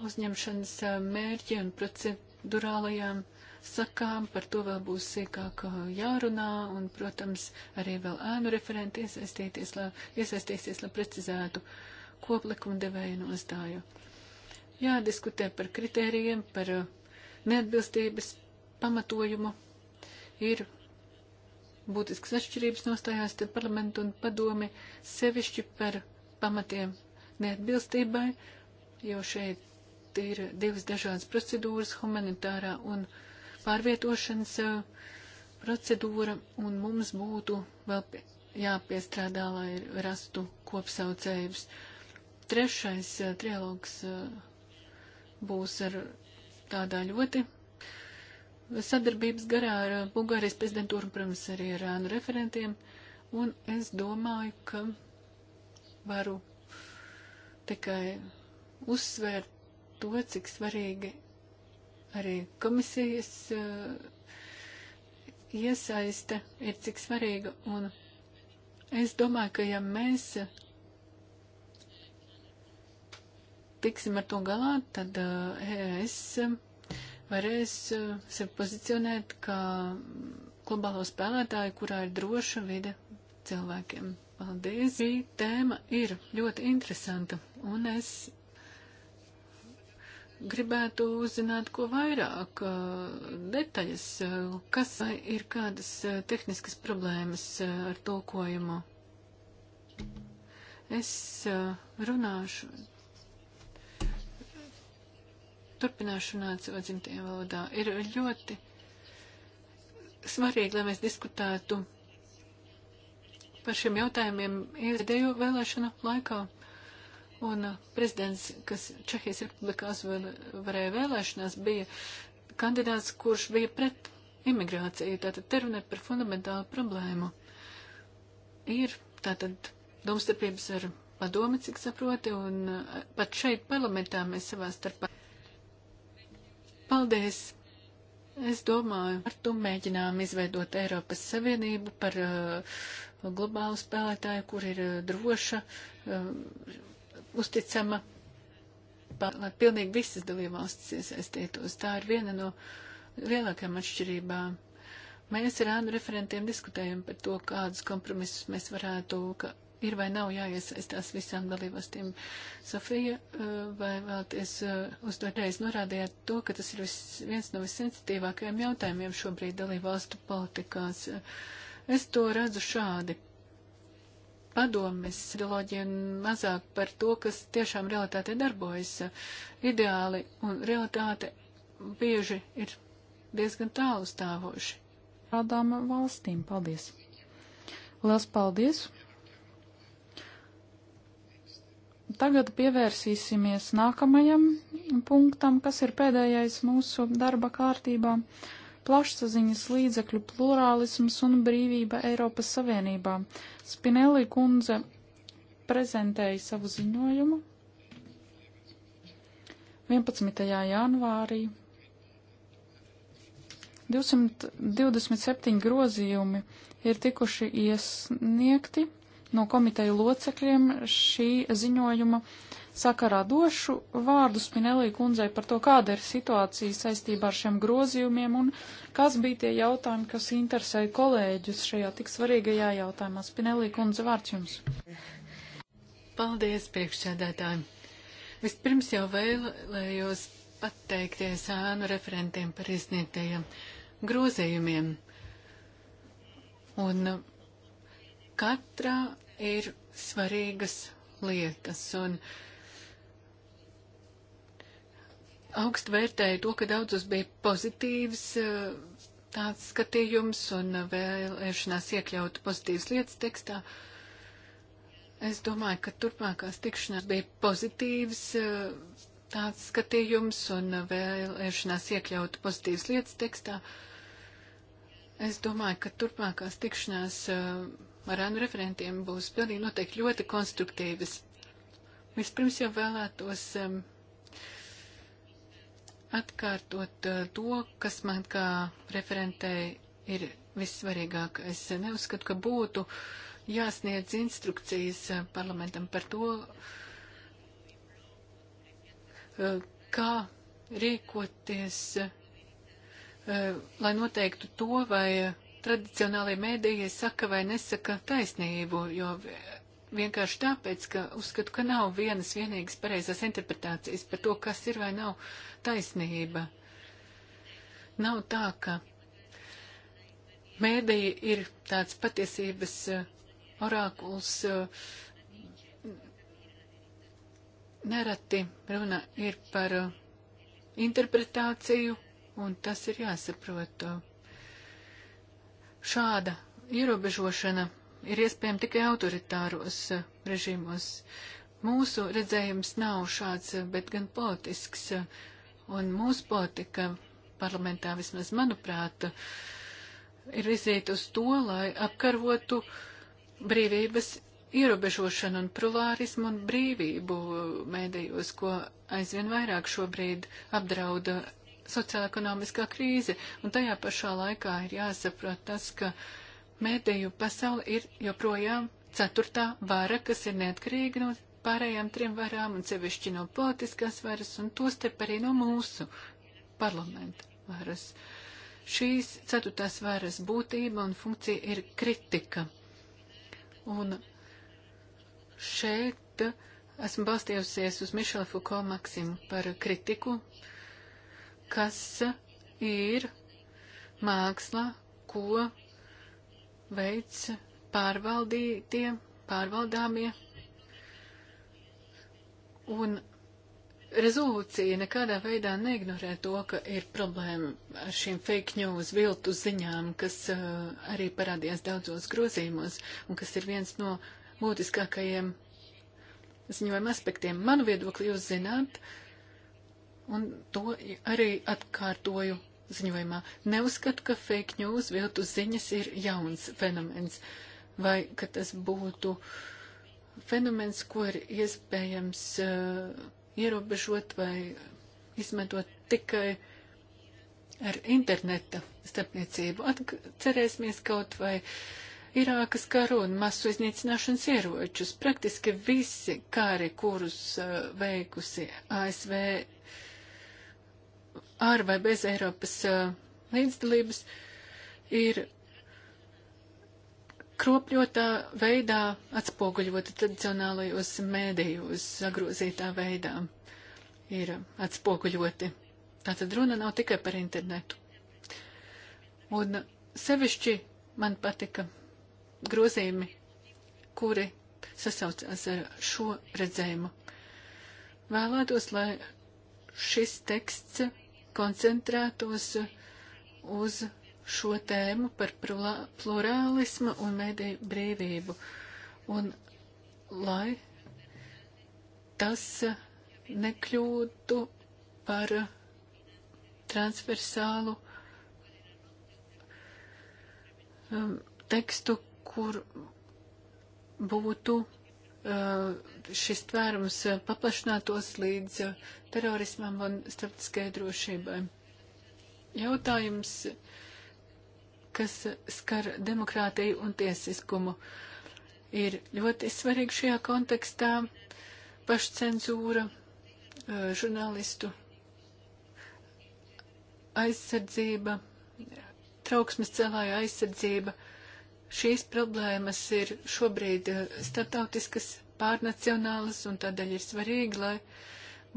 uzņemšanas mērķi un procedurālajām uh, sakām, par to vēl būs sīkāk uh, jārunā, un, protams, arī vēl ēnu referenti iesaistīties, lai, iesaistīsies, lai precizētu koplikumdevēju nostāju. Jādiskutē par kritērijiem, par uh, neatbilstības pamatojumu. Ir būtisks atšķirības nostājās te parlamentu un padomi sevišķi par pamatiem neatbilstībai, jo šeit ir divas dažādas procedūras - humanitārā un uh, pārvietošanas procedūra, un mums būtu vēl jāpiestrādā, lai rastu kopsaucējus. Trešais trialogs būs ar tādā ļoti sadarbības garā ar Bulgārijas prezidentūru, protams, arī ar ēnu referentiem, un es domāju, ka varu tikai uzsvērt to, cik svarīgi arī komisijas uh, iesaiste ir cik svarīga. Un es domāju, ka ja mēs tiksim ar to galā, tad uh, es varēs uh, sevi pozicionēt kā globālo spēlētāju, kurā ir droša vide cilvēkiem. Paldies! Šī tēma ir ļoti interesanta, un es gribētu uzzināt, ko vairāk detaļas, kas ir kādas tehniskas problēmas ar tulkojumu. Es runāšu, turpināšu runāt savā dzimtajā valodā. Ir ļoti svarīgi, lai mēs diskutētu par šiem jautājumiem iedēju vēlēšanu laikā. Un uh, prezidents, kas Čehijas republikā uzvar, varēja vēlēšanās, bija kandidāts, kurš bija pret imigrāciju. Tātad te runē par fundamentālu problēmu. Ir tātad domstarpības ar padomi, cik saproti, un uh, pat šeit parlamentā mēs savā starpā. Paldies! Es domāju, ar to mēģinām izveidot Eiropas Savienību par uh, globālu spēlētāju, kur ir uh, droša, uh, uzticama, lai pilnīgi visas dalībvalstis iesaistītos. Tā ir viena no lielākajām atšķirībām. Mēs ar ēnu referentiem diskutējam par to, kādus kompromisus mēs varētu, ka ir vai nav jāiesaistās visām dalībvalstīm. Sofija, eh, vai vēlaties eh, uzdodreiz norādījāt to, ka tas ir vis, viens no vissensitīvākajiem jautājumiem šobrīd dalībvalstu politikās. Es to redzu šādi padomes ideoloģija un mazāk par to, kas tiešām realitātē darbojas. Ideāli un realitāte bieži ir diezgan tālu stāvoši. Rādām valstīm, paldies! Lielas paldies! Tagad pievērsīsimies nākamajam punktam, kas ir pēdējais mūsu darba kārtībā plašsaziņas līdzekļu plurālisms un brīvība Eiropas Savienībā Spinelli kundze prezentēja savu ziņojumu 11. janvārī. 227 grozījumi ir tikuši iesniegti no komiteju locekļiem šī ziņojuma sakarā. Došu vārdu Spinelī kundzei par to, kāda ir situācija saistībā ar šiem grozījumiem un kas bija tie jautājumi, kas interesēja kolēģus šajā tik svarīgajā jautājumā. Spinelī kundze, vārds jums. Paldies, priekšsēdētāji. Vispirms jau vēlējos pateikties ēnu referentiem par izsniegtajiem grozējumiem. Un katrā ir svarīgas lietas, un augstu vērtēju to, ka daudzos bija pozitīvs eh, tāds skatījums un vēlēšanās iekļaut pozitīvas lietas tekstā. Es domāju, ka turpmākās tikšanās bija pozitīvs eh, tāds skatījums un vēlēšanās iekļaut pozitīvas lietas tekstā. Es domāju, ka turpmākās tikšanās eh, ar ANU referentiem būs pilnīgi noteikti ļoti konstruktīvas. Vispirms jau vēlētos atkārtot eh, to, kas man kā referentei ir vissvarīgāk. Es neuzskatu, ka būtu jāsniedz instrukcijas eh, parlamentam par to, eh, kā rīkoties, lai noteiktu to, vai tradicionālajie mēdījie saka vai nesaka taisnību, jo vienkārši tāpēc, ka uzskatu, ka nav vienas vienīgas pareizās interpretācijas par to, kas ir vai nav taisnība. Nav tā, ka mēdīja ir tāds patiesības eh, orākuls. Eh, nereti runa ir par eh, interpretāciju, un tas ir jāsaprot. Šāda ierobežošana ir iespējama tikai autoritāros eh, režīmos. Mūsu redzējums nav šāds, eh, bet gan politisks. Eh, un mūsu politika parlamentā, vismaz manuprāt, ir izīt uz to, lai apkarotu brīvības ierobežošanu un plurālismu un brīvību mēdījos, ko aizvien vairāk šobrīd apdrauda sociāla ekonomiskā krīze. Un tajā pašā laikā ir jāsaprot tas, ka uh, Mēdīju pasauli ir joprojām ceturtā vara, kas ir neatkarīga no pārējām trim varām un sevišķi no politiskās varas un tostarp arī no mūsu parlamenta varas. Šīs ceturtās varas būtība un funkcija ir kritika. Un šeit esmu balstījusies uz Mišela Fuko Maksimu par kritiku, kas ir māksla, ko veids pārvaldītie, pārvaldāmie. Un rezolūcija nekādā veidā neignorē to, ka ir problēma ar šīm fake news viltu ziņām, kas uh, arī parādījās daudzos grozījumos un kas ir viens no būtiskākajiem ziņojuma aspektiem. Manu viedokli jūs zināt, un to arī atkārtoju ziņojumā. Neuzskatu, ka fake news viltu ziņas ir jauns fenomens, vai ka tas būtu fenomens, ko ir iespējams uh, ierobežot vai izmantot tikai ar interneta starpniecību. Atcerēsimies kaut vai Irākas karu un masu iznīcināšanas ieročus. Praktiski visi kari, kurus uh, veikusi ASV ar vai bez Eiropas uh, līdzdalības ir kropļotā veidā atspoguļota tradicionālajos mēdījos, sagrozītā veidā ir atspoguļoti. Tātad runa nav tikai par internetu. Un sevišķi man patika grozījumi, kuri sasaucās ar šo redzējumu. Vēlētos, lai šis teksts koncentrētos uh, uz šo tēmu par plurālismu un mediju brīvību. Un lai tas uh, nekļūtu par uh, transversālu um, tekstu, kur būtu Uh, šis tvērums uh, paplašinātos līdz uh, terorismam un starptautiskajai drošībai. Jautājums, kas skar demokrātiju un tiesiskumu, ir ļoti svarīgi šajā kontekstā pašcensūra, žurnālistu aizsardzība, trauksmes celāja aizsardzība Šīs problēmas ir šobrīd eh, startautiskas, pārnacionālas, un tādēļ ir svarīgi, lai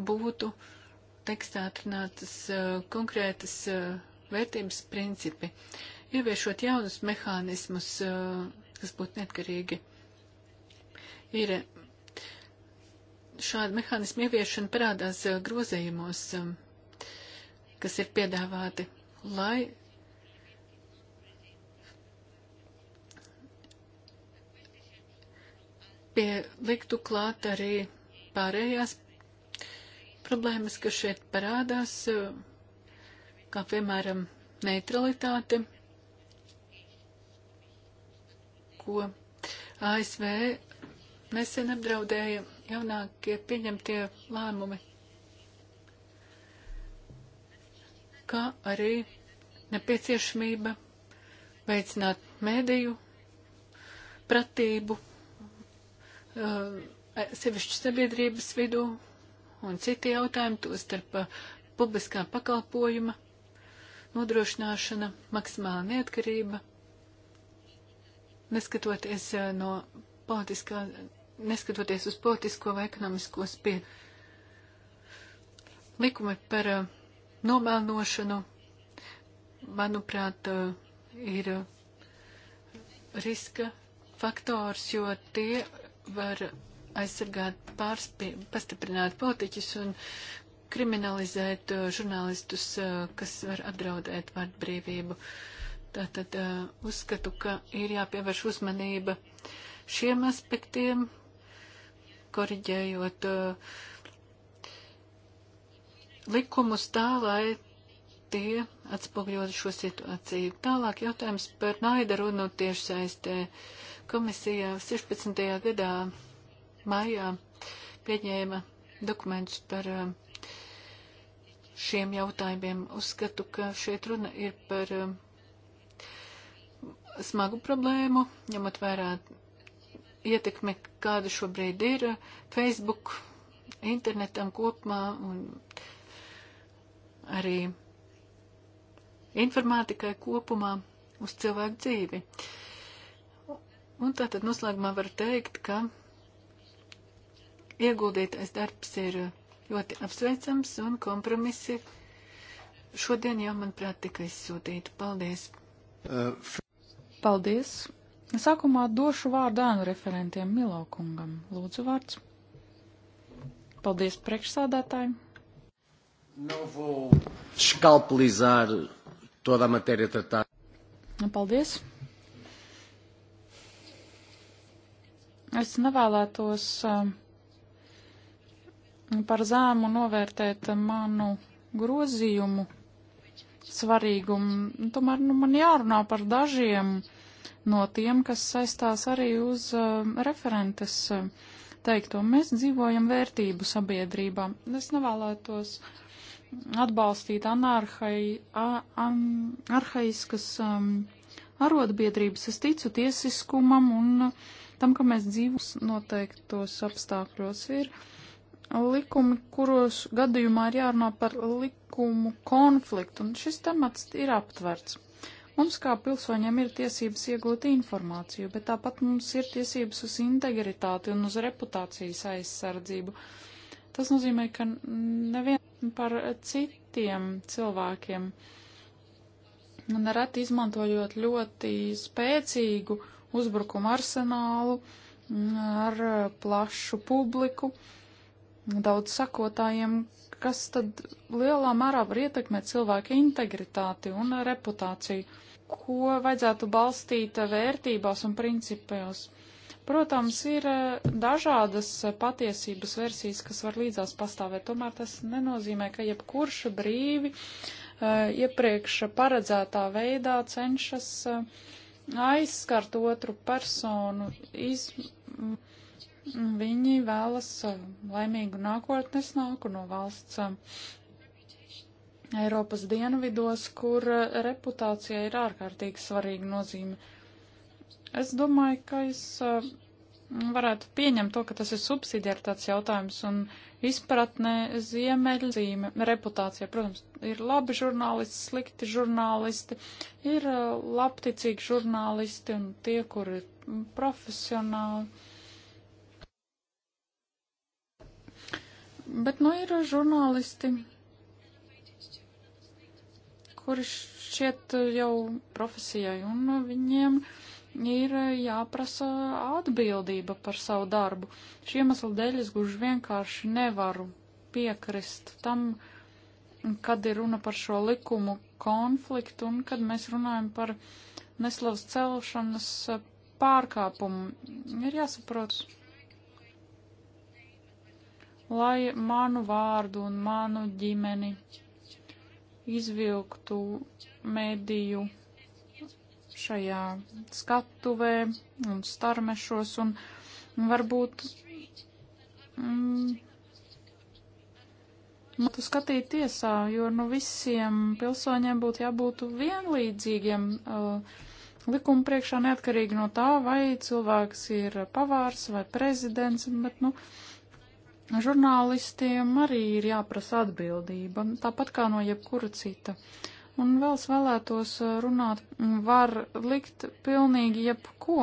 būtu tekstā atrunātas eh, konkrētas eh, vērtības principi, ieviešot jaunus mehānismus, kas būtu neatkarīgi. Ir šāda mehānisma ieviešana parādās grozējumos, kas ir piedāvāti, lai pie, liktu klāt arī pārējās problēmas, kas šeit parādās, kā piemēram neutralitāte, ko ASV nesen apdraudēja jaunākie pieņemtie lēmumi, kā arī nepieciešamība veicināt mēdīju pratību Uh, sevišķu sabiedrības vidū un citi jautājumi, to starp uh, publiskā pakalpojuma nodrošināšana, maksimāla neatkarība, neskatoties uh, no politiskā, neskatoties uz politisko vai ekonomisko spied. Likumi par nomēlnošanu, manuprāt, ir riska faktors, jo tie var aizsargāt, pārspie, pastiprināt politiķus un kriminalizēt uh, žurnālistus, uh, kas var apdraudēt vārdbrīvību. Tātad uh, uzskatu, ka ir jāpievērš uzmanība šiem aspektiem, koriģējot likumus tā, lai tie atspoguļot šo situāciju. Tālāk jautājums par naida runu tiešsaistē. Uh, Komisija 16. gadā maijā pieņēma dokumentus par šiem jautājumiem. Uzskatu, ka šeit runa ir par smagu problēmu, ņemot vērā ietekmi, kāda šobrīd ir Facebook, internetam kopumā un arī informātikai kopumā uz cilvēku dzīvi. Uh, Un tātad noslēgumā var teikt, ka ieguldītais darbs ir ļoti apsveicams un kompromisi šodien jau, manuprāt, tika izsūtīti. Paldies! Paldies! Sākumā došu vārdu ēnu referentiem Milaukungam. Lūdzu vārds. Paldies priekšsādātājiem. Não vou escalpelizar toda a matéria tratada. Paldies. Es nevēlētos um, par zēmu novērtēt manu grozījumu svarīgumu. Tomēr nu, man jārunā par dažiem no tiem, kas saistās arī uz um, referentes um, teikto. Mēs dzīvojam vērtību sabiedrībā. Es nevēlētos atbalstīt anarhai, a, an, arhaiskas um, arotbiedrības. Es ticu tiesiskumam un uh, tam, ka mēs dzīvos noteiktos apstākļos, ir likumi, kuros gadījumā ir jārunā par likumu konfliktu, un šis temats ir aptverts. Mums kā pilsoņiem ir tiesības iegūt informāciju, bet tāpat mums ir tiesības uz integritāti un uz reputācijas aizsardzību. Tas nozīmē, ka nevien par citiem cilvēkiem, nereti izmantojot ļoti spēcīgu uzbrukuma arsenālu mm, ar eh, plašu publiku, daudz sakotājiem, kas tad lielā mērā var ietekmēt cilvēka integritāti un eh, reputāciju, ko vajadzētu balstīt eh, vērtībās un principos. Protams, ir dažādas patiesības versijas, kas var līdzās pastāvēt, tomēr tas nenozīmē, ka jebkurš brīvi iepriekš paredzētā veidā cenšas uh, aizskart otru personu, iz, viņi vēlas uh, laimīgu nākotni, es nāku no valsts uh, Eiropas dienvidos, kur uh, reputācija ir ārkārtīgi svarīga nozīme. Es domāju, ka es varētu pieņemt to, ka tas ir subsidiaritāts jautājums un izpratnē ziemeļzīme, reputācija. Protams, ir labi žurnālisti, slikti žurnālisti, ir uh, labticīgi žurnālisti un tie, kuri ir profesionāli. Bet nu ir žurnālisti, kuri šķiet jau profesijai un viņiem. Uh, ir eh, jāprasa atbildība par savu darbu. Šī iemesla dēļ es gluži vienkārši nevaru piekrist tam, kad ir runa par šo likumu konfliktu un kad mēs runājam par neslavas celšanas eh, pārkāpumu. Ir jāsaprot, lai manu vārdu un manu ģimeni izvilktu mediju šajā skatuvē un starmešos un varbūt mm, tu skatīt tiesā, jo nu visiem pilsoņiem būtu jābūt vienlīdzīgiem uh, likuma priekšā neatkarīgi no tā, vai cilvēks ir pavārs vai prezidents, bet nu. Žurnālistiem arī ir jāprasa atbildība, tāpat kā no jebkura cita uh, Un vēl es vēlētos uh, runāt, mm, var likt pilnīgi jebko.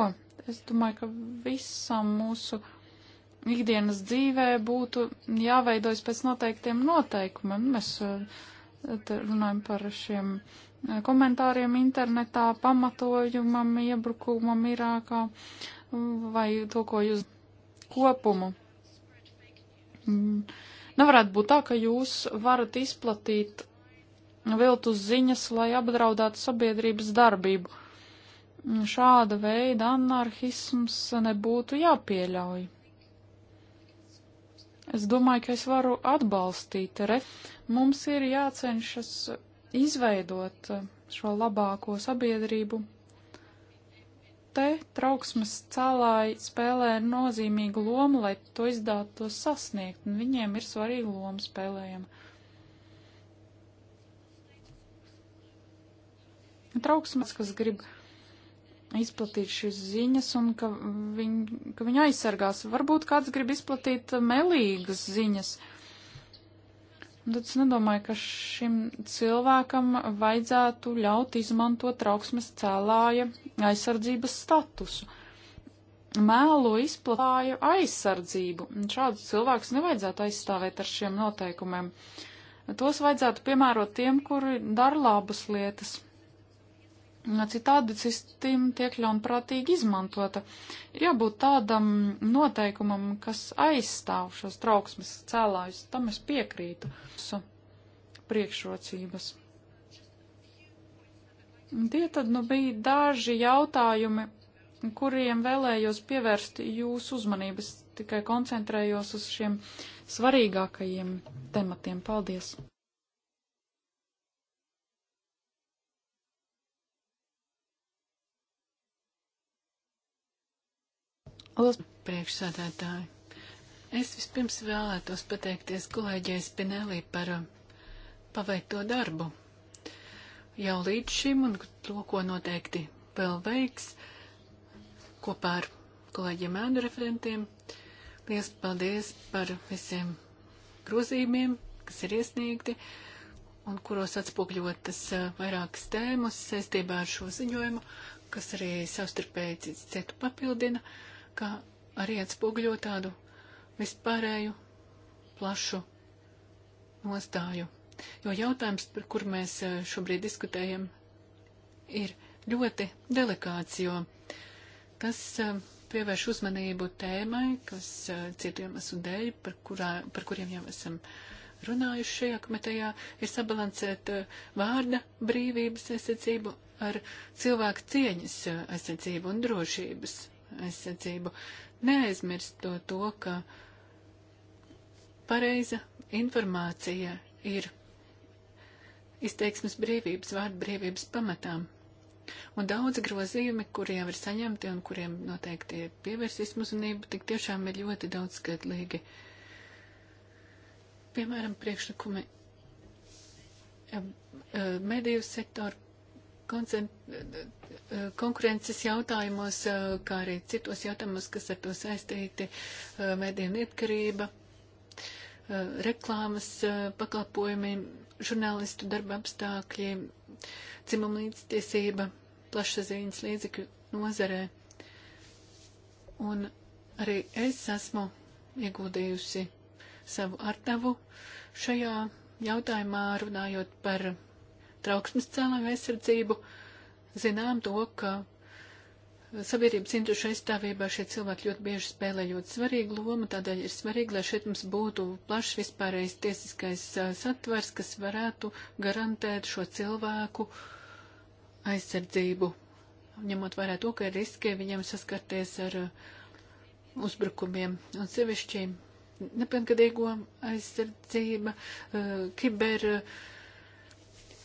Es domāju, ka visam mūsu ikdienas dzīvē būtu jāveidojas pēc noteiktiem noteikumiem. Mēs uh, runājam par šiem uh, komentāriem internetā, pamatojumam, iebrukumam Irākā mm, vai to, ko jūs kopumu. Mm. Nevarētu būt tā, ka jūs varat izplatīt viltus ziņas, lai apdraudētu sabiedrības darbību. Šāda veida anarhisms nebūtu jāpieļauj. Es domāju, ka es varu atbalstīt. Re. Mums ir jācenšas izveidot šo labāko sabiedrību. Te trauksmes cēlāji spēlē nozīmīgu lomu, lai to izdātos sasniegt, un viņiem ir svarīga loma spēlējama. trauksmes, kas grib izplatīt šīs ziņas un ka, viņ, ka viņu aizsargās. Varbūt kāds grib izplatīt melīgas ziņas. Un tad es nedomāju, ka šim cilvēkam vajadzētu ļaut izmantot trauksmes cēlāja aizsardzības statusu. Mēlo izplatīja aizsardzību. Šādus cilvēkus nevajadzētu aizstāvēt ar šiem noteikumiem. Tos vajadzētu piemērot tiem, kuri dara labas lietas Citādi sistēma tiek ļaunprātīgi izmantota. Ir jābūt tādam noteikumam, kas aizstāv šos trauksmes cēlājus. Tam es piekrītu. Priekšrocības. Tie tad nu bija daži jautājumi, kuriem vēlējos pievērst jūsu uzmanības. Tikai koncentrējos uz šiem svarīgākajiem tematiem. Paldies! Lūdzu, priekšsādātāji. Es vispirms vēlētos pateikties kolēģei Spinelli par um, paveikto darbu. Jau līdz šim un to, ko noteikti vēl veiks kopā ar kolēģiem ēnu referentiem. Liels paldies par visiem grozījumiem, kas ir iesniegti un kuros atspūkļotas uh, vairākas tēmas saistībā ar šo ziņojumu, kas arī savstarpēji citu papildina. Uh, kā arī atspoguļo tādu vispārēju plašu nostāju. Jo jautājums, par kur mēs eh, šobrīd diskutējam, ir ļoti delikāts, jo tas eh, pievērš uzmanību tēmai, kas eh, citu iemeslu dēļ, par, kurā, par kuriem jau esam runājuši šajā komitejā, ir sabalansēt vārda brīvības aizsardzību ar cilvēku cieņas aizsardzību un drošības aizsardzību. Neaizmirstot to, ka pareiza informācija ir izteiksmes brīvības, vārdu brīvības pamatām. Un daudz grozījumi, kuriem ir saņemti un kuriem noteikti pievērsīsim uzmanību, tik tiešām ir ļoti daudzskatlīgi. Piemēram, priekšlikumi eh, eh, mediju sektoru konkurences jautājumos, kā arī citos jautājumos, kas ar to saistīti, mēdiem neatkarība, reklāmas pakalpojumi, žurnālistu darba apstākļi, dzimuma līdztiesība, plašsaziņas līdzekļu nozarē. Un arī es esmu ieguldījusi savu artavu šajā jautājumā runājot par trauksmes cēlēju aizsardzību, zinām to, ka sabiedrības interešu aizstāvībā šie cilvēki ļoti bieži spēlē ļoti svarīgu lomu, tādēļ ir svarīgi, lai šeit mums būtu plašs vispārējais tiesiskais satvers, kas varētu garantēt šo cilvēku aizsardzību, ņemot vērā to, ka ir riski viņiem saskarties ar uzbrukumiem un sevišķi nepilngadīgo aizsardzība, kiber. Uh,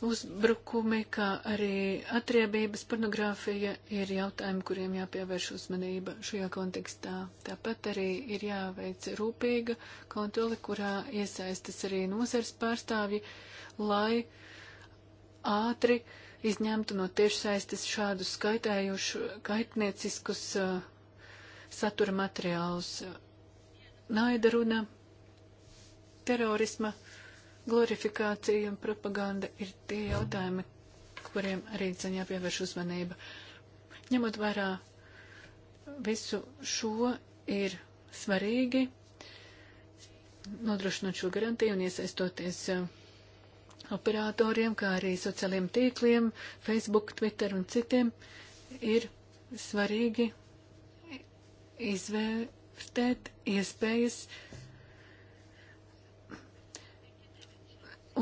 uzbrukumi, kā arī atriebības pornogrāfija ir jautājumi, kuriem jāpievērš uzmanība šajā kontekstā. Tāpat arī ir jāveic rūpīga kontrole, kurā iesaistas arī nozars pārstāvji, lai ātri izņemtu no tiešsaistes šādus skaitējušu, kaitnieciskus uh, satura materiālus. Naida runa, terorisma glorifikācija un propaganda ir tie jautājumi, kuriem arī ceņā pievērš uzmanība. Ņemot vērā visu šo, ir svarīgi nodrošinot šo garantiju un iesaistoties uh, operatoriem, kā arī sociāliem tīkliem, Facebook, Twitter un citiem, ir svarīgi izvērtēt iespējas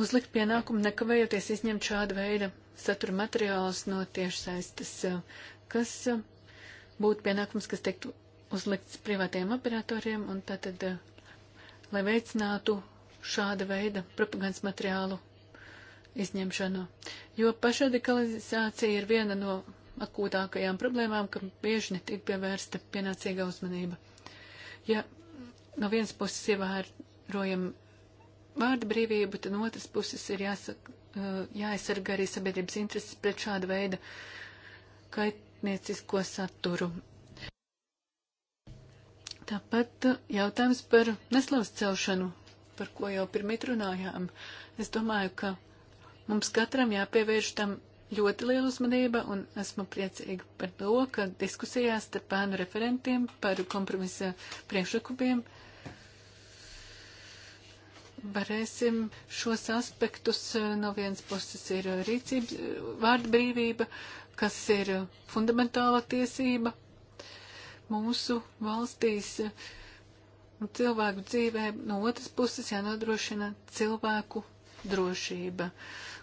uzlikt pienākumu nekavējoties izņemt šāda veida satura materiālus no tiešsaistes, eh, kas eh, būtu pienākums, kas tiktu uzlikts privātiem operatoriem, un tātad, eh, lai veicinātu šāda veida propagandas materiālu izņemšanu. Jo pašradikalizācija ir viena no akūtākajām problēmām, kam bieži netiek pievērsta pienācīga uzmanība. Ja no vienas puses ievērojam vārda brīvību, tad no otras puses ir jāsaka, uh, jāaizsarga arī sabiedrības intereses pret šāda veida kaitniecisko saturu. Tāpat uh, jautājums par neslavas celšanu, par ko jau pirmīt runājām. Es domāju, ka mums katram jāpievērš tam ļoti liela uzmanība, un esmu priecīga par to, ka diskusijās starp pēnu referentiem par kompromisa priekšlikumiem uh, varēsim šos aspektus, eh, no vienas puses ir eh, rīcības eh, vārda brīvība, kas ir fundamentāla tiesība mūsu valstīs un cilvēku dzīvē, no otras puses jānodrošina cilvēku drošība.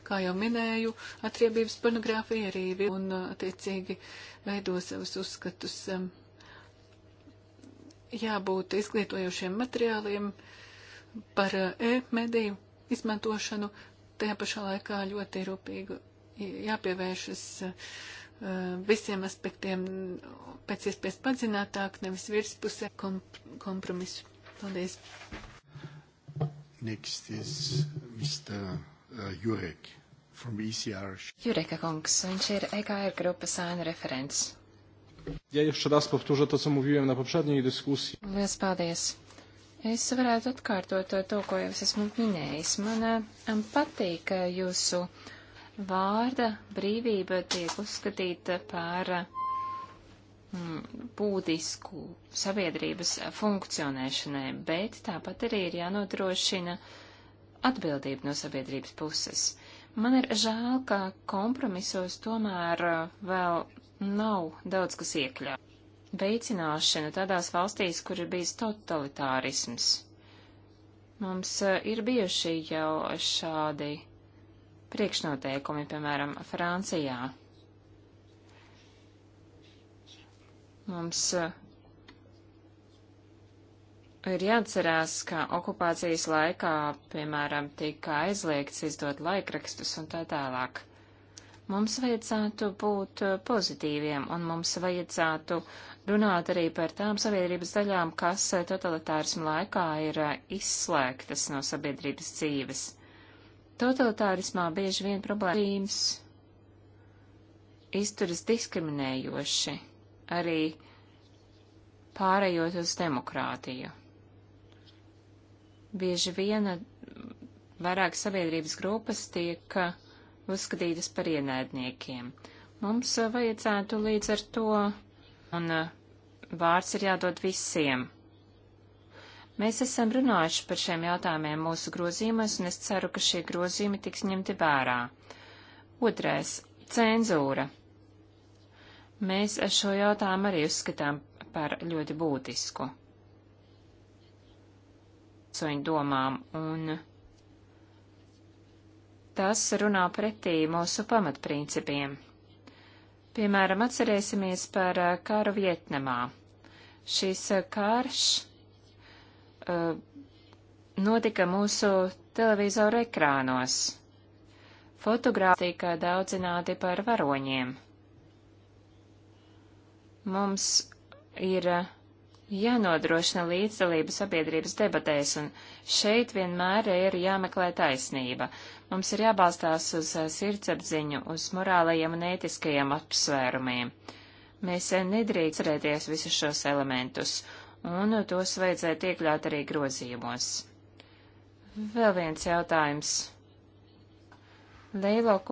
Kā jau minēju, atriebības pornogrāfija arī ir un attiecīgi veido savus uzskatus. Jābūt izglītojošiem materiāliem, uh, par eh, e-mediju izmantošanu, tajā pašā laikā ļoti rūpīgi jāpievēršas eh, visiem aspektiem pēc iespējas padzinātāk, nevis virspusē komp kompromisu. Paldies. Next is Mr. Eh, Jurek from ECR. Jureka kungs, viņš ir EKR grupas ēna referents. Ja jeszcze raz powtórzę to, co mówiłem na poprzedniej dyskusji. Liels paldies. Es varētu atkārtot eh, to, ko jau es esmu minējis. Man um, patīk eh, jūsu vārda brīvība tiek uzskatīta par mm, būtisku sabiedrības funkcionēšanai, bet tāpat arī ir jānodrošina atbildība no sabiedrības puses. Man ir žēl, ka kompromisos tomēr vēl nav daudz kas iekļauts veicināšanu tādās valstīs, kur ir bijis totalitārisms. Mums eh, ir bijuši jau šādi priekšnoteikumi, piemēram, Francijā. Mums eh, ir jāatcerās, ka okupācijas laikā, piemēram, tika aizliegts izdot laikrakstus un tā tālāk. Mums vajadzētu būt uh, pozitīviem un mums vajadzētu runāt arī par tām sabiedrības daļām, kas uh, totalitārismu laikā ir uh, izslēgtas no sabiedrības dzīves. Totalitārismā bieži vien problēmas izturas diskriminējoši, arī pārējot uz demokrātiju. Bieži viena vairāk sabiedrības grupas tiek uh, uzskatītas par ienaidniekiem. Mums eh, vajadzētu līdz ar to, un eh, vārds ir jādod visiem. Mēs esam runājuši par šiem jautājumiem mūsu grozīmēs, un es ceru, ka šie grozīmi tiks ņemti vērā. Otrais - cenzūra. Mēs šo jautājumu arī uzskatām par ļoti būtisku. Soņu domām un Tas runā pretī mūsu pamatprincipiem. Piemēram, atcerēsimies par uh, kāru Vietnamā. Šis uh, karš uh, notika mūsu televizoru ekrānos. Fotogrāfi tika daudzināti par varoņiem. Mums ir uh, jānodrošina līdzdalība sabiedrības debatēs, un šeit vienmēr ir jāmeklē taisnība. Mums ir jābalstās uz eh, sirdsapziņu, uz morālajiem un ētiskajiem apsvērumiem. Mēs eh, nedrīkst cerēties visus šos elementus, un tos vajadzētu iekļaut arī grozījumos. Vēl viens jautājums. Leilo